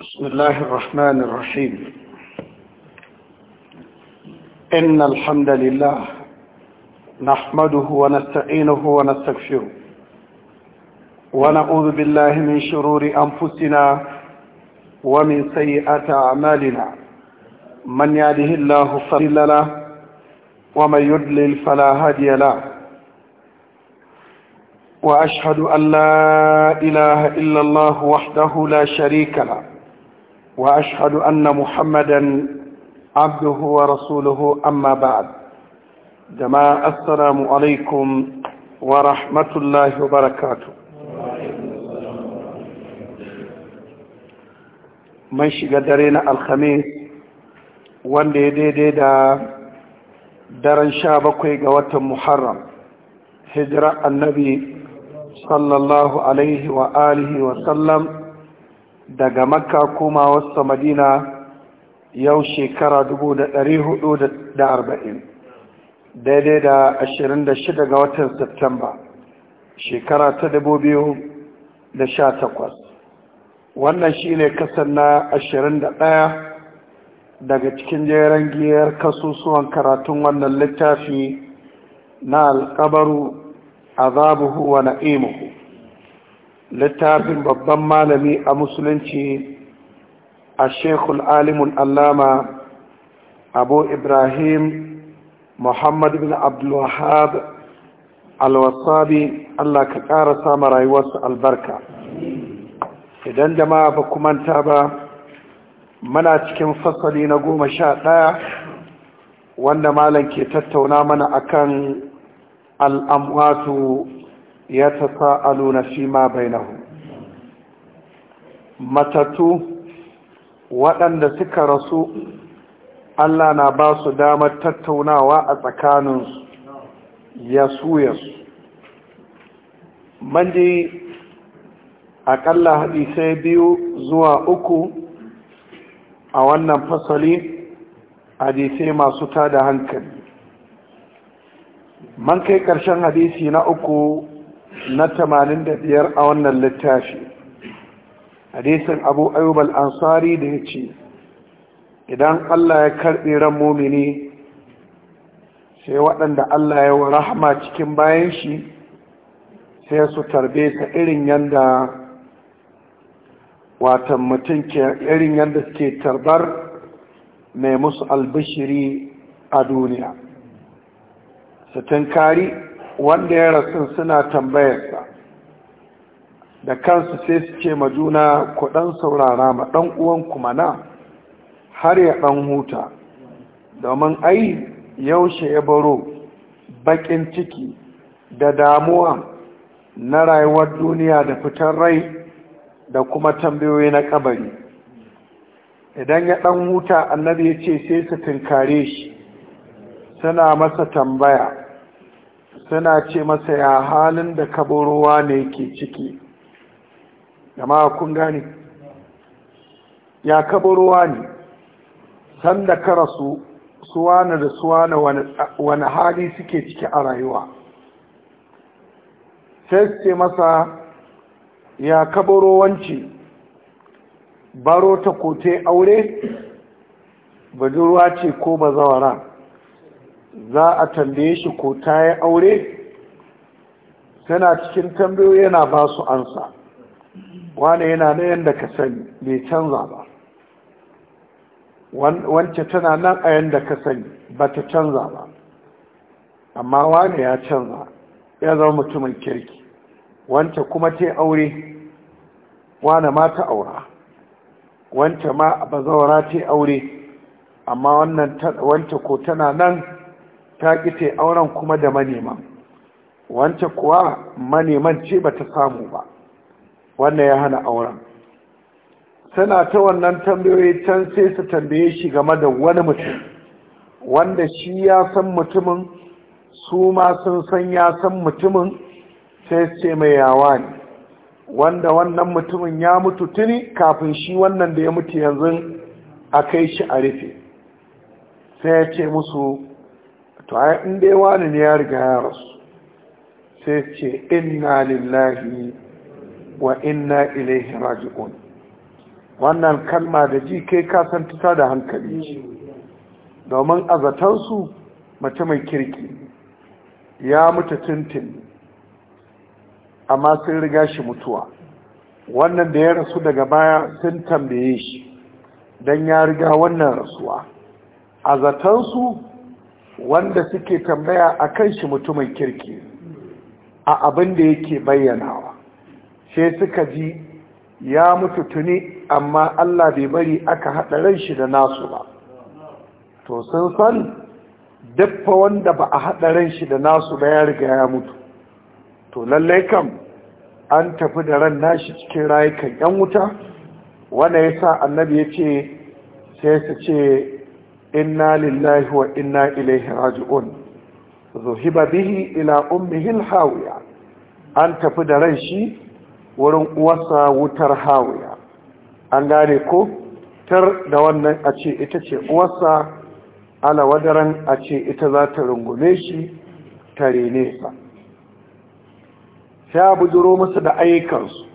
بسم الله الرحمن الرحيم إن الحمد لله نحمده ونستعينه ونستغفره ونعوذ بالله من شرور أنفسنا ومن سيئات أعمالنا من يهده الله فضل له ومن يضلل فلا هادي له وأشهد أن لا إله إلا الله وحده لا شريك له وأشهد أن محمدا عبده ورسوله أما بعد جماعة السلام عليكم ورحمة الله وبركاته من شقدرين الخميس wanda ya daidai da daren sha bakwai ga watan muharram hijira annabi sallallahu alaihi wa alihi wa sallam daga makka kuma wasu madina yau shekara arba'in, daidai da ashirin da ga watan september shekara ta da wannan shi ne kasar na ashirin daga cikin jeren giyar kasusuwan karatun wannan littafi na alkabaru azabuhu wa na'imuhu littafin babban malami a musulunci a shekul alimun allama abu ibrahim muhammad bin abdulwahab alwasabi allah ka ƙara sama rayuwarsa albarka idan jama'a ba kumanta ba mana cikin fasali na goma sha ɗaya wanda malam ke tattauna mana akan al'amwatu ya ta sa'alu na shi ma bainahu matattu waɗanda suka rasu Allah na ba su damar tattaunawa a tsakanin ya suya su manje aƙalla hadisai biyu zuwa uku a wannan fasali hadisai masu tada hankali man kai ƙarshen hadisi na uku na tamanin da biyar a wannan littafi hadisin abu ayyub ansari da ya ce idan allah ya karɓi ran mumini sai waɗanda allah ya wa rahama cikin bayan shi sai su tarbe ta irin yadda watan mutum irin yadda suke tarbar mai musu albishiri a duniya su tunkari wanda ya rasu suna tambayarsa da kansu sai su ce ma juna ku ɗan saurara ma ɗan uwanku mana har ya ɗan huta domin ai yaushe ya baro baƙin ciki da damuwa na rayuwar duniya da fitar rai da kuma tambayoyi na kabari idan ya ɗan huta annabi ya ce sai su tunkare shi suna masa tambaya suna ce masa ya halin da kaburuwa ne ke ciki jama'a kun gane ya kaburuwa ne sanda ka rasu suwana da suwana wani hali suke ciki a rayuwa sai ce masa ya kaburowanci baro ta kote aure budurwa ce ko bazawara za a tambaye shi ko ta yi aure tana cikin tambayoyi yana ba su ansa wane yana na yadda ka sani bai canza ba wance tana nan a yadda ka sani ba ta canza ba amma wane ya canza ya zama mutumin kirki wance kuma ta aure wane ma ta aura wance ma ba zaura ta aure amma wannan wance ko tana nan ta gite auren kuma da manema wancan kuwa maneman ce ba ta samu ba wannan ya hana auren tana ta wannan tambayoyi can sai su tambaye shi game da wani mutum wanda shi ya san mutumin su ma sun san ya san mutumin sai ce mai yawa ne wanda wannan mutumin ya mutu tuni kafin shi wannan da ya mutu yanzu a kai shi a rufe sai ya ce musu to ai in dai wani ne ya riga ya rasu sai ce inna lillahi wa inna ilaihi raji'un wannan kalma da ji kai kasantuta da hankali domin a zatansu mace mai kirki ya mutu tuntun amma sun riga shi mutuwa wannan da ya rasu daga baya sun tambaye shi don ya riga wannan rasuwa a su. wanda suke tambaya a kan shi mutumin kirki a abin da yake bayyanawa sai suka ji ya mutu tuni amma Allah bai bari aka haɗa ran shi da nasu ba to sun san daffa wanda ba a haɗa ran shi da nasu ba ya riga ya mutu to lallai kam an tafi da ran nashi cikin rayukan 'yan wuta wanda ya sa annabi ya ce sai su ce inna lillahi wa inna ilaihi raji'un zuhiba bihi ila ummihi hawiya an tafi da ran shi wurin uwarsa wutar hawiya an gane ko tar da wannan a ce ita ce uwarsa ala wadaran a ce ita za ta rungume shi ta rene sa sai duro musu da ayyukansu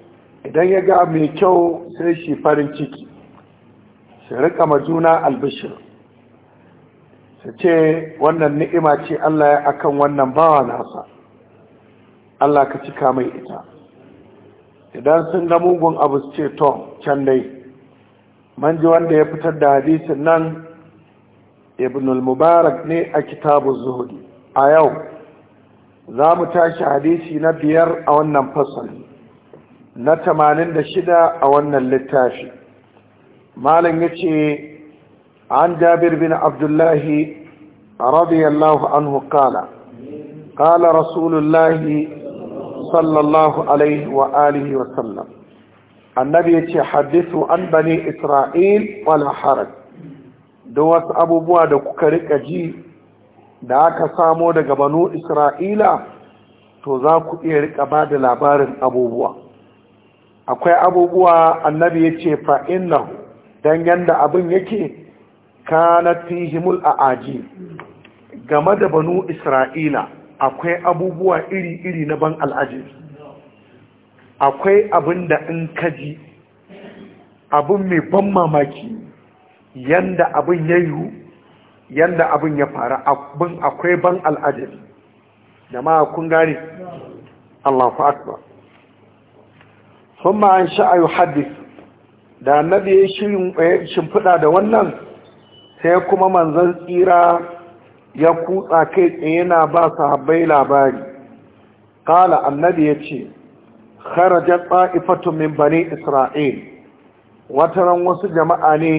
idan ya ga mai kyau sai shi farin ciki shi rika ma juna albishir su ce wannan ni'ima ce Allah ya akan wannan bawa nasa Allah ka cika mai ita idan sun ga mugun abu su ce to can dai man ji wanda ya fitar da hadisin nan ibnul mubarak ne a kitabu zuhudi a yau za mu tashi hadisi na biyar a wannan fasali na tamanin da shida a wannan littafi Malam ya ce عن جابر بن عبد الله رضي الله عنه قال قال رسول الله صلى الله عليه وآله وسلم النبي يتحدث عن بني إسرائيل ولا حرج دوس أبو بواد كوكريك جي da aka samo daga banu isra'ila to za ku iya rika ba da labarin abubuwa akwai abubuwa annabi ya ce fa'in nan don yadda abin yake kanat fihimul a'aji game da banu isra'ila akwai abubuwa iri-iri na ban al'ajir akwai abin da in kaji abin mai ban mamaki yanda abin ya yiwu yanda abin ya fara abin akwai ban al'ajir jama'a kun gane allahu akbar sun ma'an sha'ayu hadith da annabi ya shirin shimfiɗa da wannan sai kuma manzon tsira ya kutsa kai tsaye na ba sahabbai labari kala annabi ya ce kharajar tsa'ifatu min bane isra'il wataran wasu jama'a ne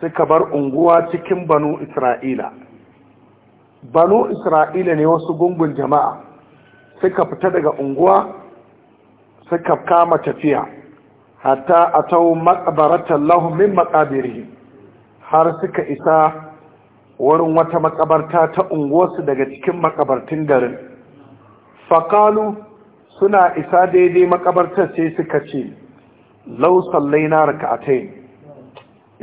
suka bar unguwa cikin banu isra'ila banu isra'ila ne wasu gungun jama'a suka fita daga unguwa suka kama tafiya hatta a tau matsabaratar lahumin matsabirihim har suka isa wurin wata makabarta ta unguwarsu daga cikin makabartun garin faƙalu suna isa daidai makabartar sai suka ce lausan lau sallai a raka'atai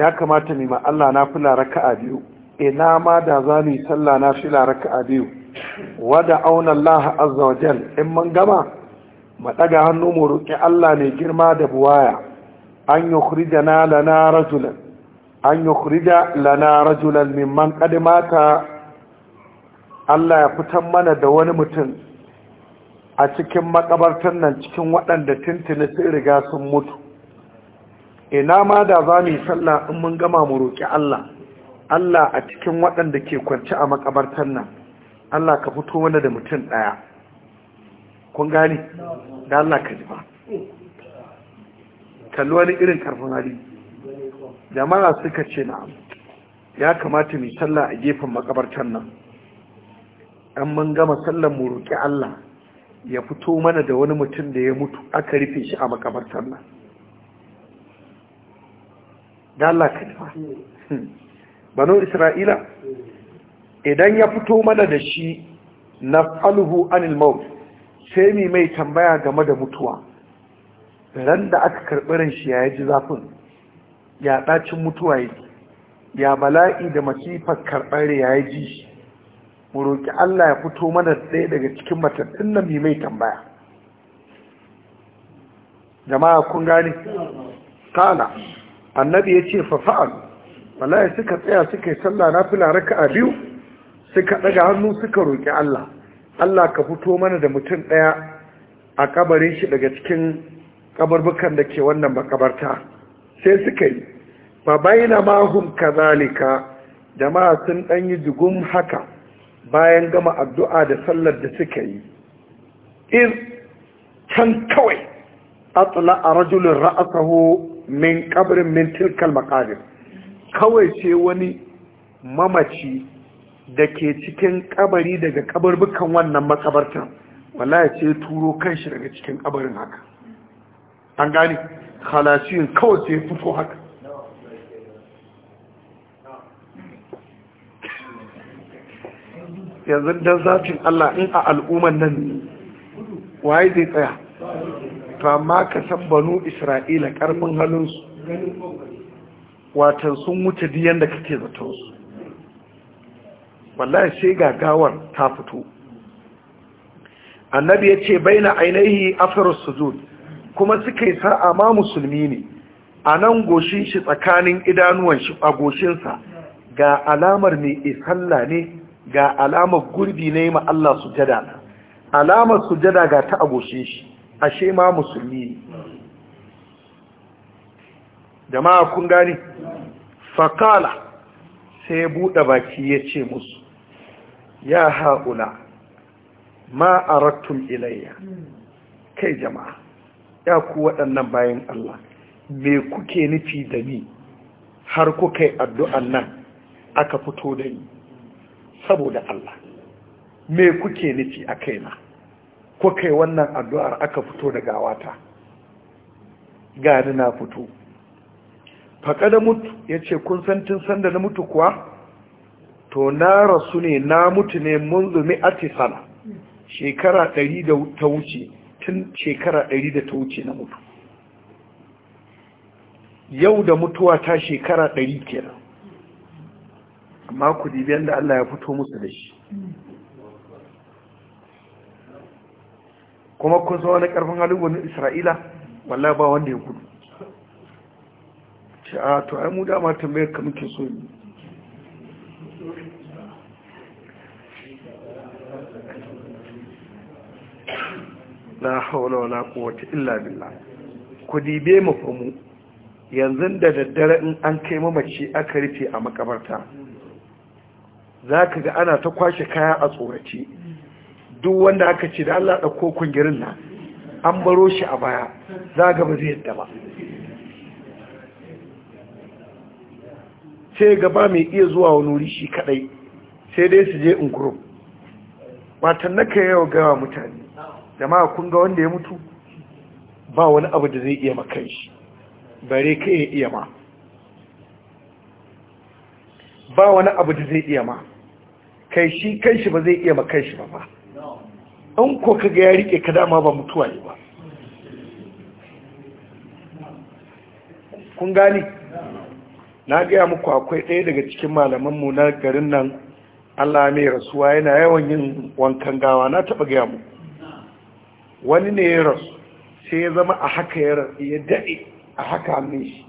ya kamata ma Allah na fila a biyu ina ma da za mu yi sallah na fila a biyu wada auna Allah azza wa in mun gama mu hannu mu roƙi Allah ne girma da buwaya an yi da na lana rajulan an yukhrija lana rajulan mimman qad Allah ya fitan mana da wani mutum a cikin makabartan nan cikin waɗanda tuntuni sun riga sun mutu ina ma da za mu yi sallah in mun gama mu roƙi Allah Allah a cikin waɗanda ke kwanci a makabartan nan Allah ka fito mana da mutum ɗaya kun gane da Allah ka ji ba kalli wani irin karfin hali jama'a suka ce na ya kamata mu sallah a gefen makabartar nan an mun gama sallar mu roƙi Allah ya fito mana da wani mutum da ya mutu aka rufe shi a makabartar nan da Allah ka nufa banu isra'ila idan ya fito mana da shi na faluhu anil maut sai mai tambaya game da mutuwa ran da aka karɓi ran shi ya ji zafin ya ɗacin mutuwa yake ya bala'i da masifar karɓar ya yi ji mu roƙi Allah ya fito mana ɗaya daga cikin matattun na mai tambaya jama'a kun gane kala annabi ya ce fafa'al Bala'i suka tsaya suka yi sallah na fila raka a biyu suka ɗaga hannu suka roƙi Allah Allah ka fito mana da mutum ɗaya a kabarin shi daga cikin kabarbukan da ke wannan makabarta sai suka yi babaina baina mahum kazalika jama'a sun ɗan yi jigun haka bayan gama addu'a da sallar da suka yi In can kawai a a rajulun ra'asahu min ƙabirin min tilkal maqabir kawai ce wani mamaci da ke cikin ƙabari daga ƙabarbukan wannan makabartan ya ce turo kan shi daga cikin ƙabarin haka an gane halashin kawai sai fito haka yanzu don zafin Allah in a al'umman nan waye zai tsaya to amma ka san banu isra'ila karfin halinsu watan sun wuce diyan da kake su. wallahi sai ga gawar ta fito annabi ya ce bai na ainihi afirar sujud kuma suka yi sa'a ma musulmi ne a nan goshin shi tsakanin idanuwan shi a goshinsa ga alamar mai isalla ne ga alamar gurbi ne ma Allah su sujada alamar sujada ga ta a goshin shi ashe ma musulmi ne jama'a kun gani fakala sai buɗe baki ya ce musu ya haƙula ma a rattun ilayya kai jama'a ya ku waɗannan bayan Allah me kuke nufi da ni har kuka yi addu'an nan aka fito da ni saboda Allah me kuke nufi a kaina kuka yi wannan addu'ar aka fito da gawata gani na fito faƙa da mutu ya ce kun san tun sanda na mutu kuwa to na rasu ne na mutu ne mun zumi a tisana shekara ɗari da ta wuce tun shekara ɗari da ta wuce na mutu yau da mutuwa ta shekara ɗari kenan amma ku dibiyan da Allah ya fito musu da shi kuma kun so wani ƙarfin halin wani isra'ila wallah ba wanda ya kudu ce a ah, to ai mu dama tambayar kamar ke so yi la haula wala quwwata illa billah ku dibe mu fa mu yanzu da daddare in an kai mamaci aka rufe a makabarta zaka ga ana ta kwashe kaya a tsorace duk wanda aka ce da Allah dauko kungirin nan an baro shi a baya zaka ba zai yadda ba sai gaba mai iya zuwa wani wuri shi kadai sai dai su je in group watan naka yau gawa mutane jama'a kun ga wanda ya mutu ba wani abu da zai iya makan shi bare ka ya iya ma ba wani abu da zai iya ma kai shi kai shi ba zai iya makan shi ba ba an ko ka ga ya rike ka dama ba mutuwa ne ba kun gani na gaya muku akwai ɗaya daga cikin malamanmu na garin nan allah mai rasuwa yana yawan yin wankan gawa na taɓa gaya muku wani ne ya rasu sai ya zama a haka ya rasu ya daɗe a haka mai shi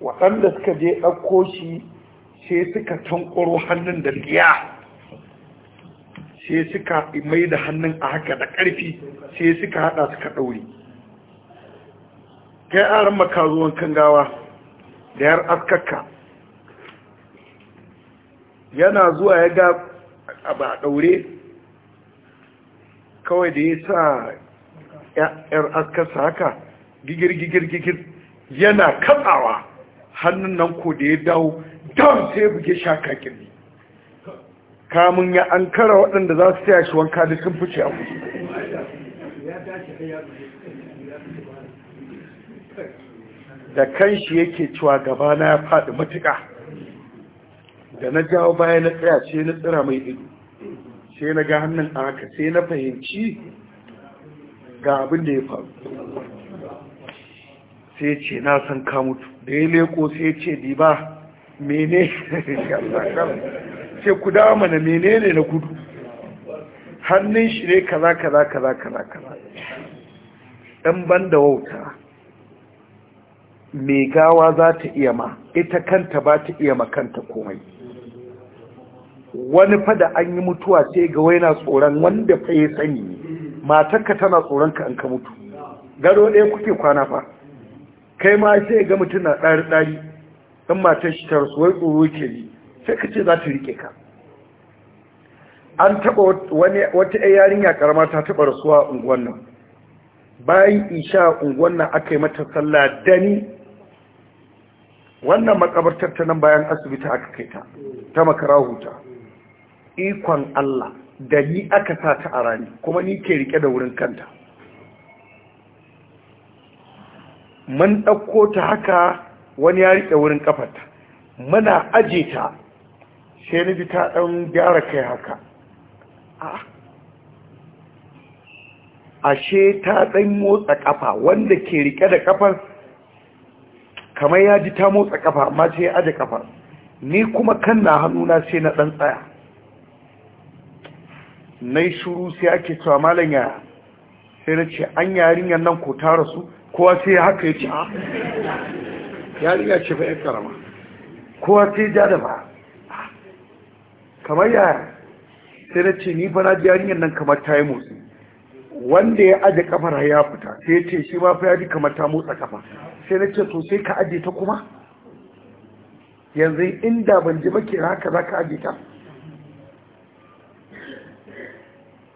waɗanda suka je ɗauko shi sai suka tankoro hannun da liya sai suka mai da hannun a haka da ƙarfi sai suka haɗa suka ɗaure kai aran makazuwan kan gawa da yar askaka yana zuwa ya ga a ɗaure kawai da ya sa yar askarsa haka gigir gigir gigir yana katsawa hannun nan ko da ya dawo don sai buge shaka kirji kamun ya an kara waɗanda za su taya shi wanka da sun fice a kusa da kan shi yake cewa gabana ya faɗi matuƙa da na jawo baya na tsaya ce na tsira mai ido sai na ga hannun a haka sai na fahimci ga abin da ya faru sai ce na san ka mutu da ya leko sai ce di ba mene sai ku dama na mene ne na gudu hannun shi ne kaza kaza kaza kaza kaza ɗan ban da wauta mai gawa za ta iya ma ita kanta ba ta iya makanta komai wani fada da an yi mutuwa sai ga waina tsoron wanda fa ya sani matarka tana tsoron ka an ka mutu gado ɗaya kuke kwana fa kai ma sai ga mutum na ɗari ɗari ɗan matar shi ta rasuwar tsoro ke yi sai ka ce za ta riƙe ka an taɓa wata ɗaya yarinya ƙarama ta taɓa rasuwa unguwan nan bayan isha unguwan nan aka yi mata sallah dani wannan makabartar ta nan bayan asibiti aka kai ta ta makara huta ikon Allah da ni aka sa ta a rani kuma ni ke rike da wurin kanta mun ɗauko ta haka wani ya rike wurin kafarta muna aje ta sai na ji ta ɗan gyara kai haka ashe ta ɗan motsa kafa wanda ke rike da ƙafar? kamar ya ji ta motsa ƙafa amma sai ya aje kafar ni kuma kan na hannuna sai na ɗan tsaya na yi shuru sai ake cewa malam yaya sai na ce an yarinyar nan ko ta rasu kowa sai haka ya ce a ah. ya ce fa'in karama kowa sai ja da ba kamar yaya sai na ce ni bana yarinyar nan kamar ta yi motsi wanda ya aje kafar ya fita sai ya ce shi ma fa ya ji kamar ta motsa kafa sai na ce to sai ka aje ta kuma yanzu inda ban ji ba ke haka za ka aje ta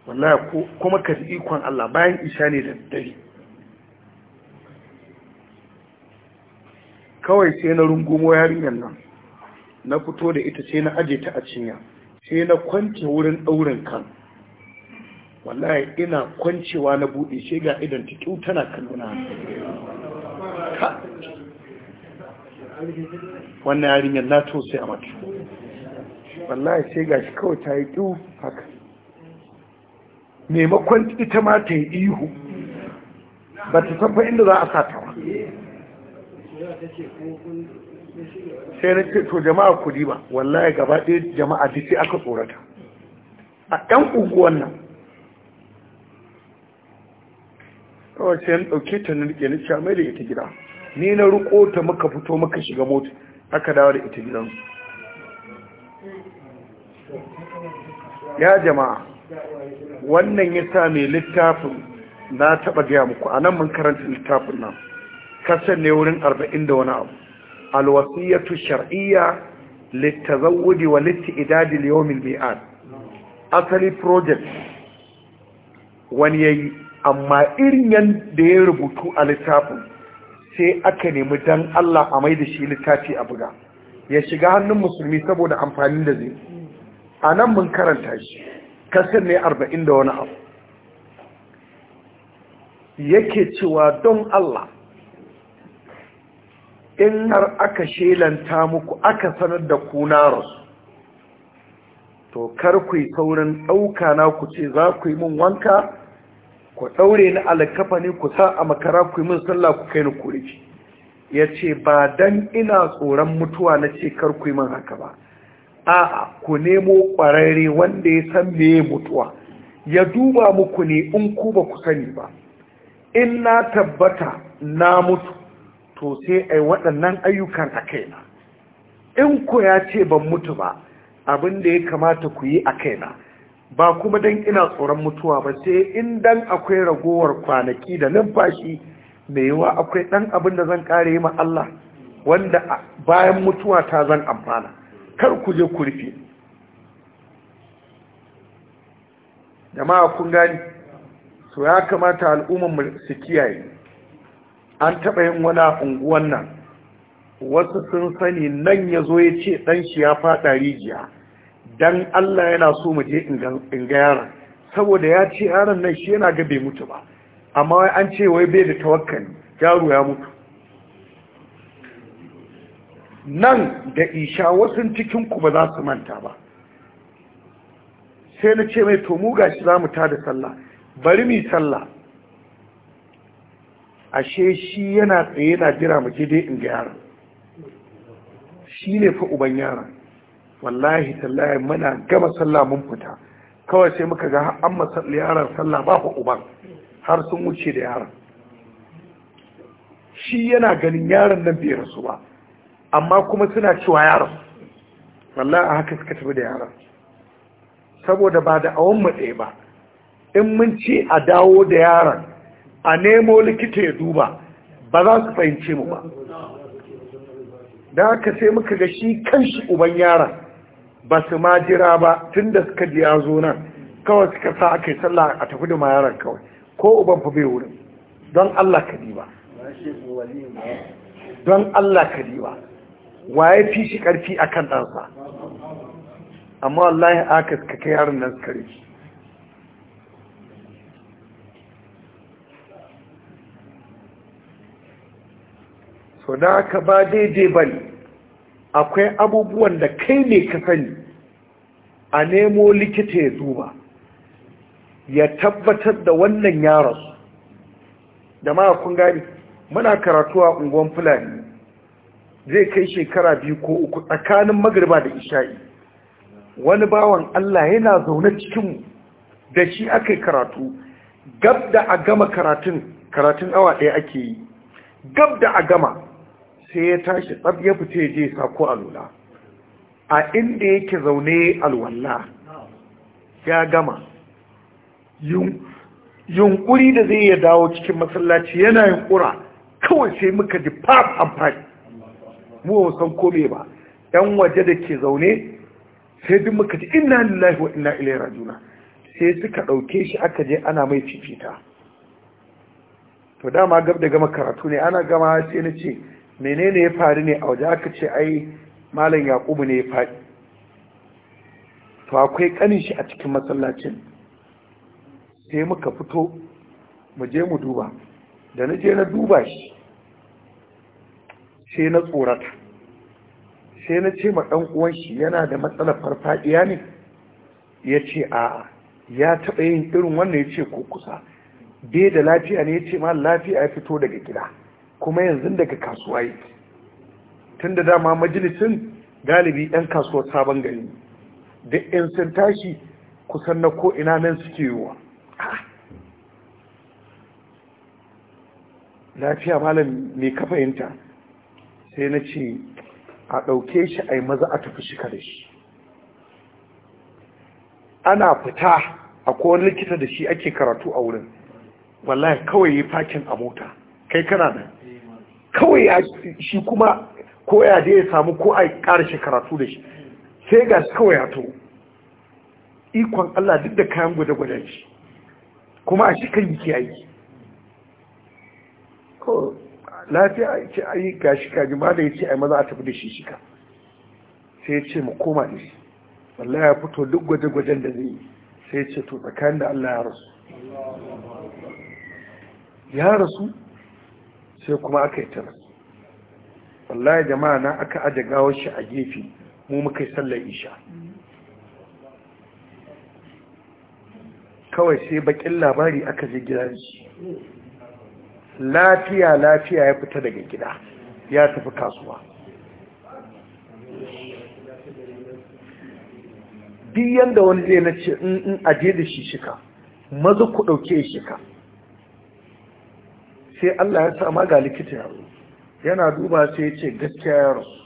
wallahi kuma ka ji ikon Allah bayan isha ne da dare kawai sai na rungumo yarinyar nan na fito da ita sai na aje ta a cinya sai na kwance wurin ɗaurin kan wallahi ina kwancewa na buɗe sai ga idan ta kyau tana kanuna wannan yarinyar na to sai a matu wallahi sai ga shi kawai ta yi kyau haka maimakon ita ma ta yi ihu ba ta san inda za a sa ta ba sai na ce to jama'a kudi ba wallahi gaba ɗaya jama'a duk sai aka tsorata a ɗan unguwan nan kawai sai na ɗauke ta na rike na cewa mai da ita gida ni na riko ta muka fito muka shiga mota aka dawo da ita gidansu ya jama'a wannan ya sa mai littafin na taɓa gaya muku a nan mun karanta littafin nan kasan ne wurin arba'in da wani abu alwasiyatu shar'iyya littazawudi wa idadi liyomin bi'ad asali project wani ya yi. amma irin da ya rubutu a littafin sai aka nemi dan Allah a mai da shi littafi a buga ya shiga hannun musulmi saboda amfani da zai a nan mun karanta shi kasir ne arba'in da wani abu yake cewa don Allah in har aka shelanta muku aka sanar da ku na rasu to kar ku yi saurin ɗauka na ku ce za ku yi min wanka ku ɗaure ni alkafa ne ku sa a makara ku yi min sallah ku kai ni kuri ya ce ba dan ina tsoron mutuwa na ce kar ku yi min haka ba a'a ku nemo ƙwararre wanda ya san me mutuwa ya duba muku ne in ku ba ku sani ba in na tabbata na mutu to sai a yi waɗannan ayyukan a kaina in ku ya ce ban mutu ba abin da ya kamata ku yi a kaina ba kuma don ina tsoron mutuwa ba sai in dan akwai ragowar kwanaki da numfashi mai yiwa akwai ɗan abin da zan ƙare ma Allah wanda bayan mutuwa ta zan amfana kar ku je ku rufe jama'a kun gani so ya kamata al'ummar su kiyaye an taɓa yin wani unguwan nan wasu sun sani nan ya zo ya ce ɗan shi ya faɗa rijiya don allah yana so mu je in ga yaron saboda ya ce yaron nan shi yana ga bai mutu ba amma wai an ce wai bai da tawakkali yaro ya mutu nan da isha wasu cikinku ba za su manta ba sai na ce mai to mu gashi za mu ta da sallah bari mu yi sallah ashe shi yana tsaye na jira mu je dai in ga shi ne fa uban yaron wallahi sallah muna gama sallah mun fita kawai sai muka ga an masalli yaron sallah ba fa uban har sun wuce da yaron shi yana ganin yaron nan bai rasu ba amma kuma suna cewa yaron wallahi a haka suka tafi da yaron saboda ba da awon matse ba in mun ce a dawo da yaron a nemo likita ya duba ba za su fahimce mu ba da haka sai muka ga shi kanshi uban yaron ba su ma jira ba tun da suka ji ya zo nan kawai suka sa aka yi sallah a tafi da ma yaron kawai ko uban fa bai wurin don Allah ka diba don Allah ka diba waye fi shi karfi kan ɗansa amma wallahi aka kaka kai yaron nan suka so da aka ba daidai ba ne akwai abubuwan da kai ne ka sani a nemo likita ya duba ya tabbatar da wannan yaron da ma kun gani muna karatu a unguwan fulani zai kai shekara biyu ko uku tsakanin magariba da isha'i wani bawan Allah yana zaune cikin da shi aka karatu gab da a gama karatun karatun awa ɗaya ake yi gab da a gama sai ya tashi tsab ya fita je sako alula a inda yake zaune alwala ya gama yunkuri da zai ya dawo cikin masallaci yana yunkura kawai sai muka ji fab amfani mu ba san kome ba ɗan waje da ke zaune sai duk muka ji inna lillahi wa inna ilaihi rajiun sai suka ɗauke shi aka je ana mai fifita to dama gab da gama karatu ne ana gama sai na ce menene ya faru ne a waje aka ce ai malam yaqubu ne ya faɗi to akwai kanin shi a cikin masallacin sai muka fito mu je mu duba da na je na duba shi sai na tsorata sai na ce ma ɗan uwan shi yana da matsalar farfadiya ne ya ce a ya taɓa yin irin wannan ya ce ko kusa bai da lafiya ne ya ce ma lafiya ya fito daga gida kuma yanzu daga kasuwa yi tun da dama majalisin galibi 'yan kasuwar sabon gari da 'yan sun tashi kusan na ko ina nan suke wa? lafiya malam mai ka fahimta sai na ce a ɗauke shi a yi maza a tafi shi kare shi ana fita a kowane likita da shi ake karatu a wurin wallahi kawai yi fakin a mota kai kana da kawai shi kuma ko ya da ya samu ko a ƙara shi karatu da shi sai ga kawai ya to ikon Allah duk da kayan gwada-gwada shi kuma a shi kan yi aiki. a ce ai gashi kaji ma da ya ce a yi maza a tafi da shi shika sai ya ce mu koma da shi wallahi ya fito duk gwaje-gwajen da zai yi sai ya ce to tsakanin da Allah ya rasu ya rasu sai kuma aka yi ta rasu wallahi jama'a na aka aje gawar shi a gefe mu muka yi sallar isha kawai sai bakin labari aka je gidan shi lafiya lafiya ya fita daga gida ya tafi kasuwa Biyan da wani zai na ce in aje da shi shika mazu ku ɗauke shika sai Allah ya sama ga likita ya yana duba sai ya ce gaskiya ya rasu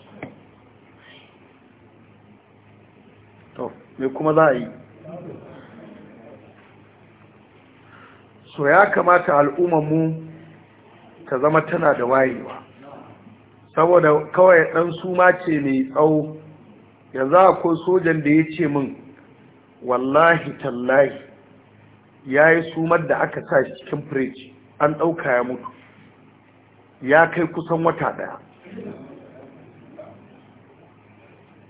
to me kuma za a yi so ya kamata mu. ta zama tana da wayewa saboda kawai ɗan suma ce mai tsawo za akwai sojan da ya ce min wallahi tallahi ya yi sumar da aka sa shi cikin firiji an ɗauka ya mutu ya kai kusan wata ɗaya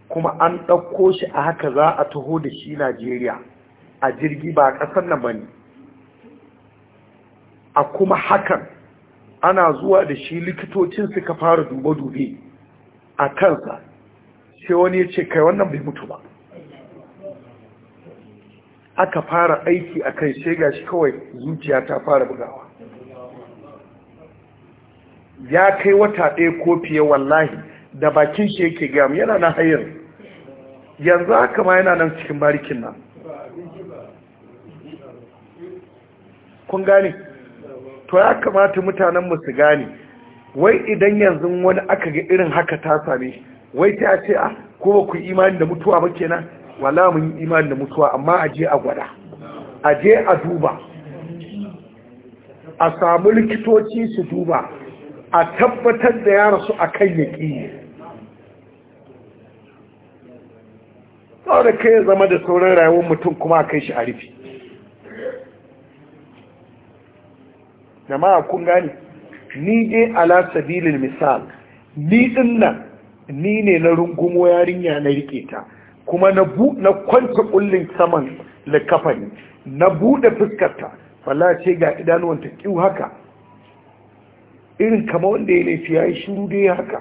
kuma an ɗauko shi a haka za a taho da shi najeriya a jirgi ba ƙasar na bane a kuma hakan ana zuwa da shi likitocin suka fara dube-dube a kansa sai wani ya ce kai wannan bai mutu ba aka fara aiki a kai sai ga shi kawai zuciya ta fara bugawa ya kai wata ɗaya ko fiye wallahi da bakin shi yake gam yana na hayar yanzu haka ma yana nan cikin barikin nan kun gane to ya kamata mutanen mu su gane wai idan yanzu wani aka ga irin haka ta same shi wai ta ce a ah, ko ba ku imani da mutuwa ba kenan wala mun yi imani da mutuwa amma a je a gwada a je a duba a samu likitoci su duba a tabbatar da ya rasu a kan yaƙi sau da kai zama da sauran rayuwar mutum kuma a kai shi a rufi jama'a kun gani ni dai ala sabilil misal ni din nan ni ne na rungumo yarinya na rike ta kuma na bu na kwanta kullin saman kafani na bude fuskarta falla ce ga ta kiu haka irin kama wanda ya laifi ya yi shuru dai haka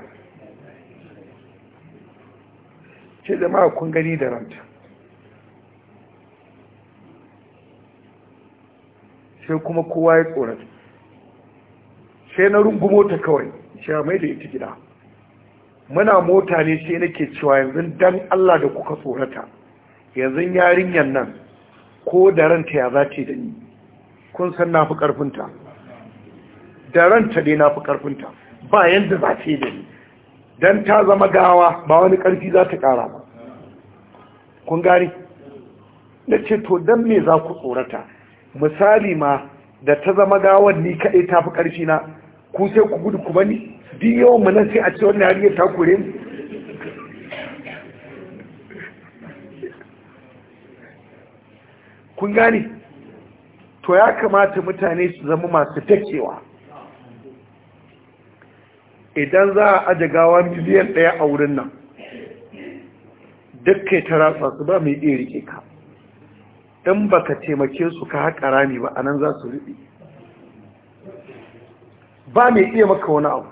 ce jama'a kun gani da ranta sai kuma kowa ya tsorata sai na rungumo ta kawai Sha mai da ita gida muna mota ne sai nake cewa yanzu dan Allah da kuka tsorata yanzu yarinyar nan ko da ranta ya zace da ni kun san na fi karfinta da ranta dai na fi karfinta ba yanda za ta yi da ni dan ta zama gawa ba wani karfi za ta kara ba kun gari na ce to dan me za ku tsorata misali ma da ta zama gawar ni kaɗai ta fi ƙarfi na ku sai ku gudu ku bani din yawan mana sai a ce wannan hariyar ta kore mu kun gane to ya kamata mutane su zama masu takewa idan za a aje gawa miliyan ɗaya a wurin nan dukkan ta ratsa su ba mai iya rike ka in baka taimake su ka haƙa rami ba a nan za su rufe ba mai iya maka wani abu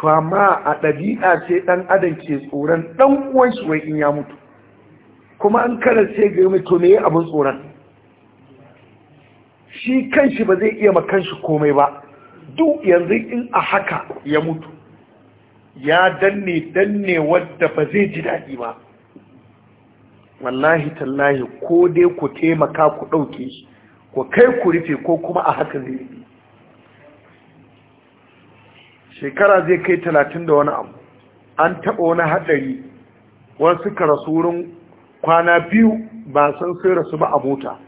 to amma a ɗabi'a ce ɗan adam ke tsoron ɗan uwan shi wai in ya mutu kuma an karance yi to ne abin tsoron shi kanshi ba zai iya shi komai ba duk yanzu in a haka ya mutu ya danne danne wadda ba zai ji daɗi ba wallahi tallahi ko dai ku taimaka ku ɗauke shi ku kai ku rufe ko kuma a haka zai yi shekara zai kai talatin da wani abu an taɓa wani haɗari wani suka rasu wurin kwana biyu ba san sai rasu ba a mota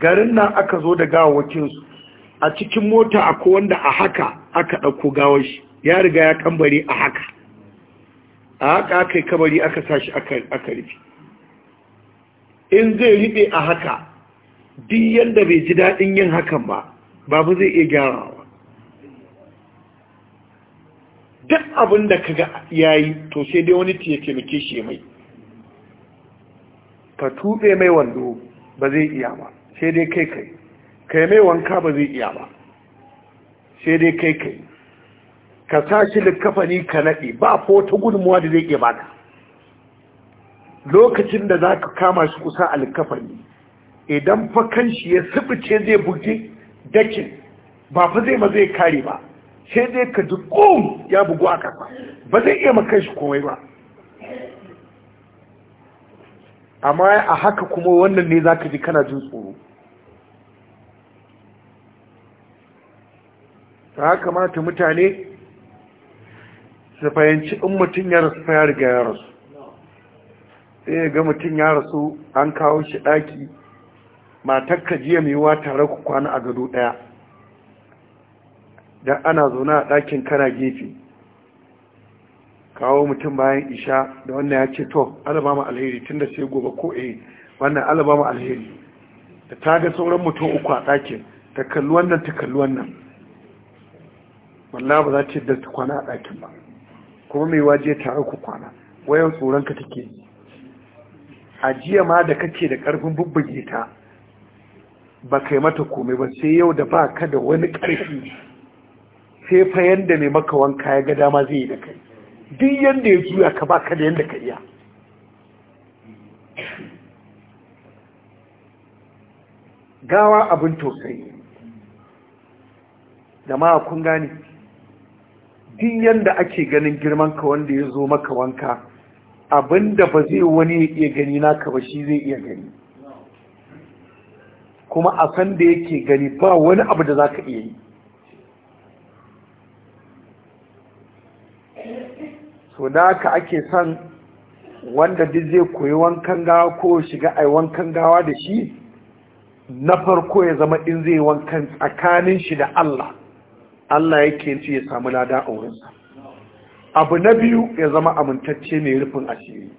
garin nan aka zo da gawawakinsu a cikin mota a wanda a haka aka ɗauko gawar shi ya riga ya kambare a haka a haka aka yi kabari aka sashi aka rufe in zai riɓe a haka duk yadda bai ji daɗin yin hakan ba babu zai iya gyarawa duk abin da kaga yi to sai dai wani ya taimake shi mai ka tube mai wando ba zai iya ba sai dai kai kai kai mai wanka ba zai iya ba sai dai kai kai ka sa shi likafani ka naɗe ba ko ta gudunmuwa da zai iya bada lokacin da za ka kama shi kusa a likafani idan fa kan shi ya sibice zai buge dakin ba fa zai ma zai kare ba sai dai ka ji ko ya bugu a ƙasa, ba zai iya maka shi komai ba amma a haka kuma wannan ne za ka ji kana jin tsoro ta kamata mutane su fahimci in mutum ya rasu ya riga ya rasu sai ya ga mutum ya rasu an kawo shi ɗaki matar jiya mai wata tare ku kwana a gado ɗaya dan ana zaune a ɗakin kana gefe kawo mutum bayan isha da wannan ya ce to alabama alheri tun da sai gobe ko eh wannan alabama alheri da ta ga sauran mutum uku a ɗakin ta kalli wannan ta kalli wannan wallah ba za ta yadda ta kwana a ɗakin ba kuma mai waje tare ku kwana wayan tsoron ka take yi a jiya ma da kake da karfin bubbuge ta ba kai mata komai ba sai yau da ba ka da wani karfi sai fa yanda mai maka wanka ya ga dama zai yi da kai duk yanda ya juya ka ba ka da yanda ka iya gawa abin da ma kun gane duk yanda ake ganin girman ka wanda ya zo maka wanka abin da ba zai wani iya gani naka ba shi zai iya gani kuma a san da yake gani ba wani abu da za ka iya yi to da haka ake son wanda duk zai koyi wankan gawa ko shiga ai wankan gawa da shi na farko ya zama in zai wankan tsakanin shi da Allah Allah yake ce ya samu lada a wurinsa abu na biyu ya zama amintacce mai rufin asiri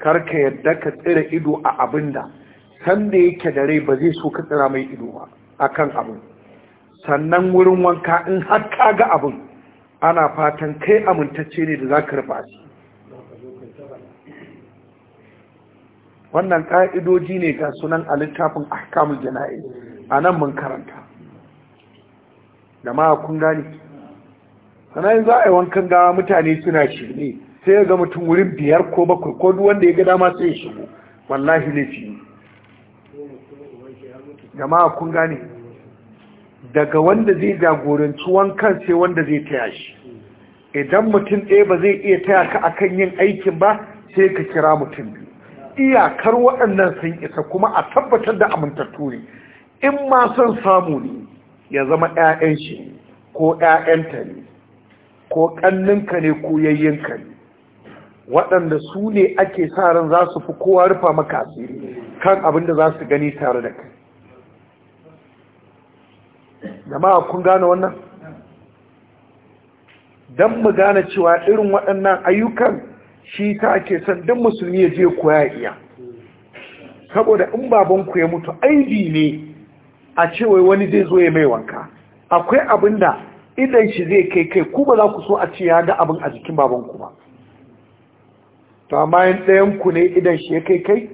Kar ka yadda ka tsira ido a abin da sanda yake da rai ba zai so ka tsira mai ido ba akan abin sannan wurin wanka in har ka ga abin ana fatan kai amintacce ne da za ka rufa shi wannan ƙa'idoji ne ga sunan a littafin ahkamun jana'i a nan mun karanta da ma kun gani sanayi za a yi wankan gawa mutane suna shirme sai ga mutum wurin biyar ko bakwai ko duk wanda ya ga dama sai ya shigo wallahi laifi ne ma kun gane daga wanda zai jagoranci wankan sai wanda zai taya shi idan mutum ɗaya ba zai iya taya ka akan yin aikin ba sai ka kira mutum biyu iyakar waɗannan sun isa kuma a tabbatar da amintattu ne in ma son samu ne ya zama 'ya'yan shi ko 'ya'yanta ne ko ƙanninka ne ko yayyinka ne waɗanda su ne ake sa ran za su fi kowa rufa maka asiri kan abin da za su gani tare da kai jama'a kun gane wannan don mu gane cewa irin waɗannan ayyukan shi ta ke son don musulmi ya je koya iya saboda in babanku ya mutu aibi ne a cewa wani zai zo ya mai wanka akwai abin da idan shi zai kai kai ku ba za ku so a ce ya ga abin a jikin babanku ba to amma yin ɗayanku ne idan shi ya kai kai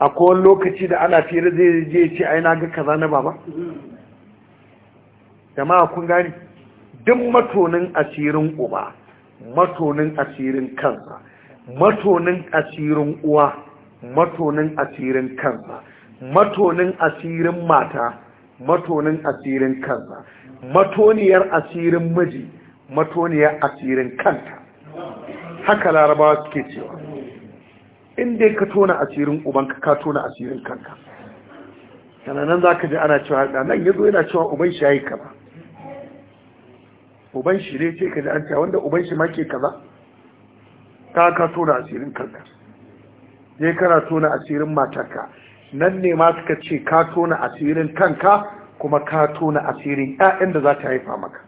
a kowane lokaci da ana fiye zai je ce ai na ga kaza na baba jama'a kun gani duk matonin asirin uba matonin asirin kansa matonin asirin uwa matonin asirin kansa matonin asirin mata matonin asirin kansa matoniyar asirin miji matoniyar asirin kanta haka larabawa suke cewa inda ka tona asirin ubanka ka tona asirin kanka sananan za ka ji ana cewa nan yanzu yana cewa uban shi ya yi kama uban shi ne ce kaji an ce wanda uban shi make kaza ta ka tona asirin kanka je kana tona asirin matarka nan ne ma suka ce ka tona asirin kanka kuma ka tona asirin ƴaƴan da za ta haifa maka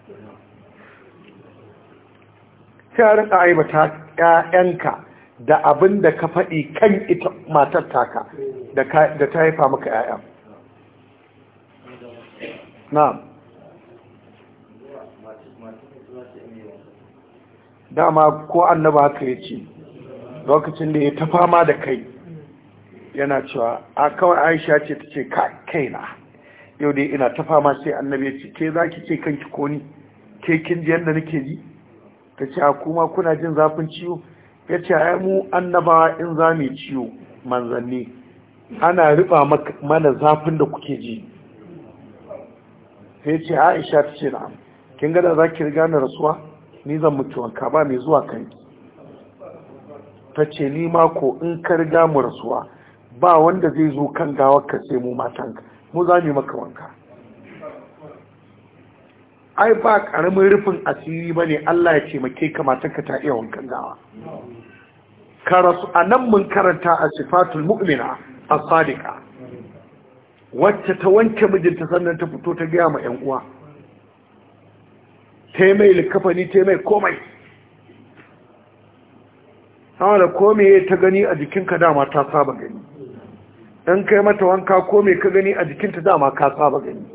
sai a rinka aibata ƴaƴanka da abin da ka faɗi kan ita matar taka da ta haifa maka ƴaƴa na'am dama ko annaba haka ya ce lokacin da ya ta fama da kai yana cewa a kawai aisha ce ta ce kai na yau dai ina ta fama sai annabi ya ce ke za ki ce kanki ko ni ke kin ji yadda nake ji ta ce a kuma kuna jin zafin ciwo ya ce ai mu annabawa in za mu ciwo manzanni ana riba mana zafin da kuke ji ya ce aisha ta ce na'am kin gada za ki riga na rasuwa ni zan mutu wanka ba mai zuwa kai ta ce ni mako in ka riga mu rasuwa ba wanda zai zo kan gawar ka sai mu matan mu za mu maka wanka ai ba karamin rufin asiri ba ne Allah ya ce make ka matan ka ta iya wankan gawa ka rasu a nan mun karanta a sifatul mu'mina a sadiqa wacce ta wanke mijinta sannan ta fito ta gaya ma 'yan uwa Taimai mai likafani ta mai komai sama da ya ta gani a jikinka dama ta saba gani in kai mata wanka komai ka gani a jikinta dama ka saba gani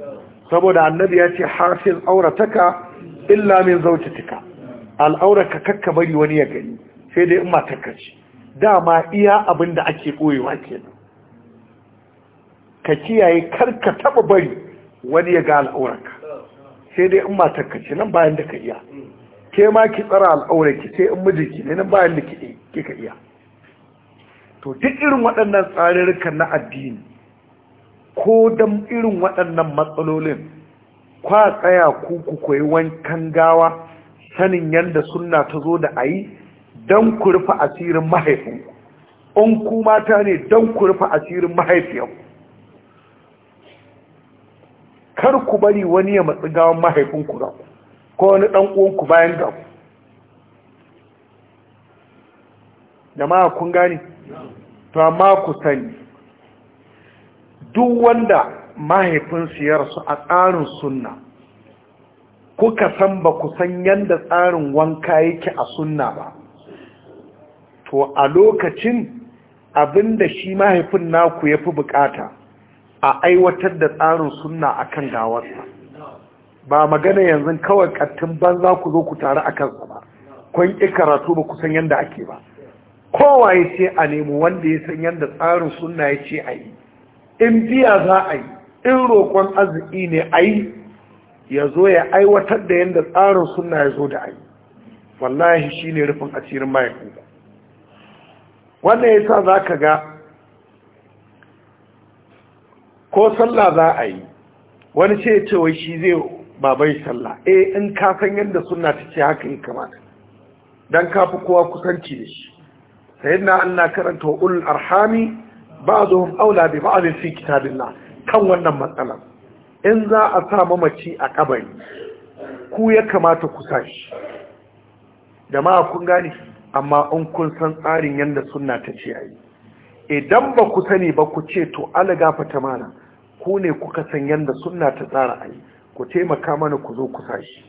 saboda annabi ya ce hafiz aurataka illa min zaujatika al'auraka kakka bari wani ya gani sai dai in matarka dama iya abin da ake ke kenan ka kiyaye karka taba bari wani ya ga al'auraka sai dai in matar ka ce nan bayan da ka iya ke ma ki tsara al'aure ki sai in mijinki ne nan bayan da ka iya to duk irin waɗannan tsarurrukan na addini ko don irin waɗannan matsalolin kwa tsaya ku ku koyi wankan gawa sanin yadda sunna ta zo da ayi don ku rufe asirin mahaifinku in ku mata ne don ku rufe asirin mahaifiyarku kar ku bari wani ya matsi gawan mahaifinku ga ku ko wani dan uwanku bayan ga ku jama'a kun gane to amma ku sani duk wanda mahaifinsu ya rasu a tsarin sunna kuka san ba ku san yadda tsarin wanka yake a sunna ba to a lokacin abinda shi mahaifin naku ya fi bukata a aiwatar da tsarin sunna kan gawarsa ba magana yanzu kawai kattun za ku zo ku tare a kansa ba kwan ƙi karatu ba kusan yadda ake ba kowa ce a nemo wanda ya san yadda tsarin sunna ya ce a yi in biya za a yi in roƙon arziki ne a yi ya zo ya aiwatar da yadda tsarin sunna ya zo da a yi wallahi shi ne rufin asirin mahaifin wannan ya sa za ka ga ko sallah za a yi wani ce ce wai shi zai babai sallah eh in ka san yadda sunna ta ce haka ya kamata dan ka fi kowa kusanci da shi sayyidina Allah karanta ul arhami ba'dhum aula bi ba'd fi kitabillah kan wannan matsalar in za a sa mamaci a kabari ku ya kamata ku Da ma kun gane amma in kun san tsarin yadda sunna ta ce ayi idan ba ku sani ba ku ce to ala ta mana ku ne kuka san yadda suna ta tsara a yi ku taimaka mana ku zo ku sashi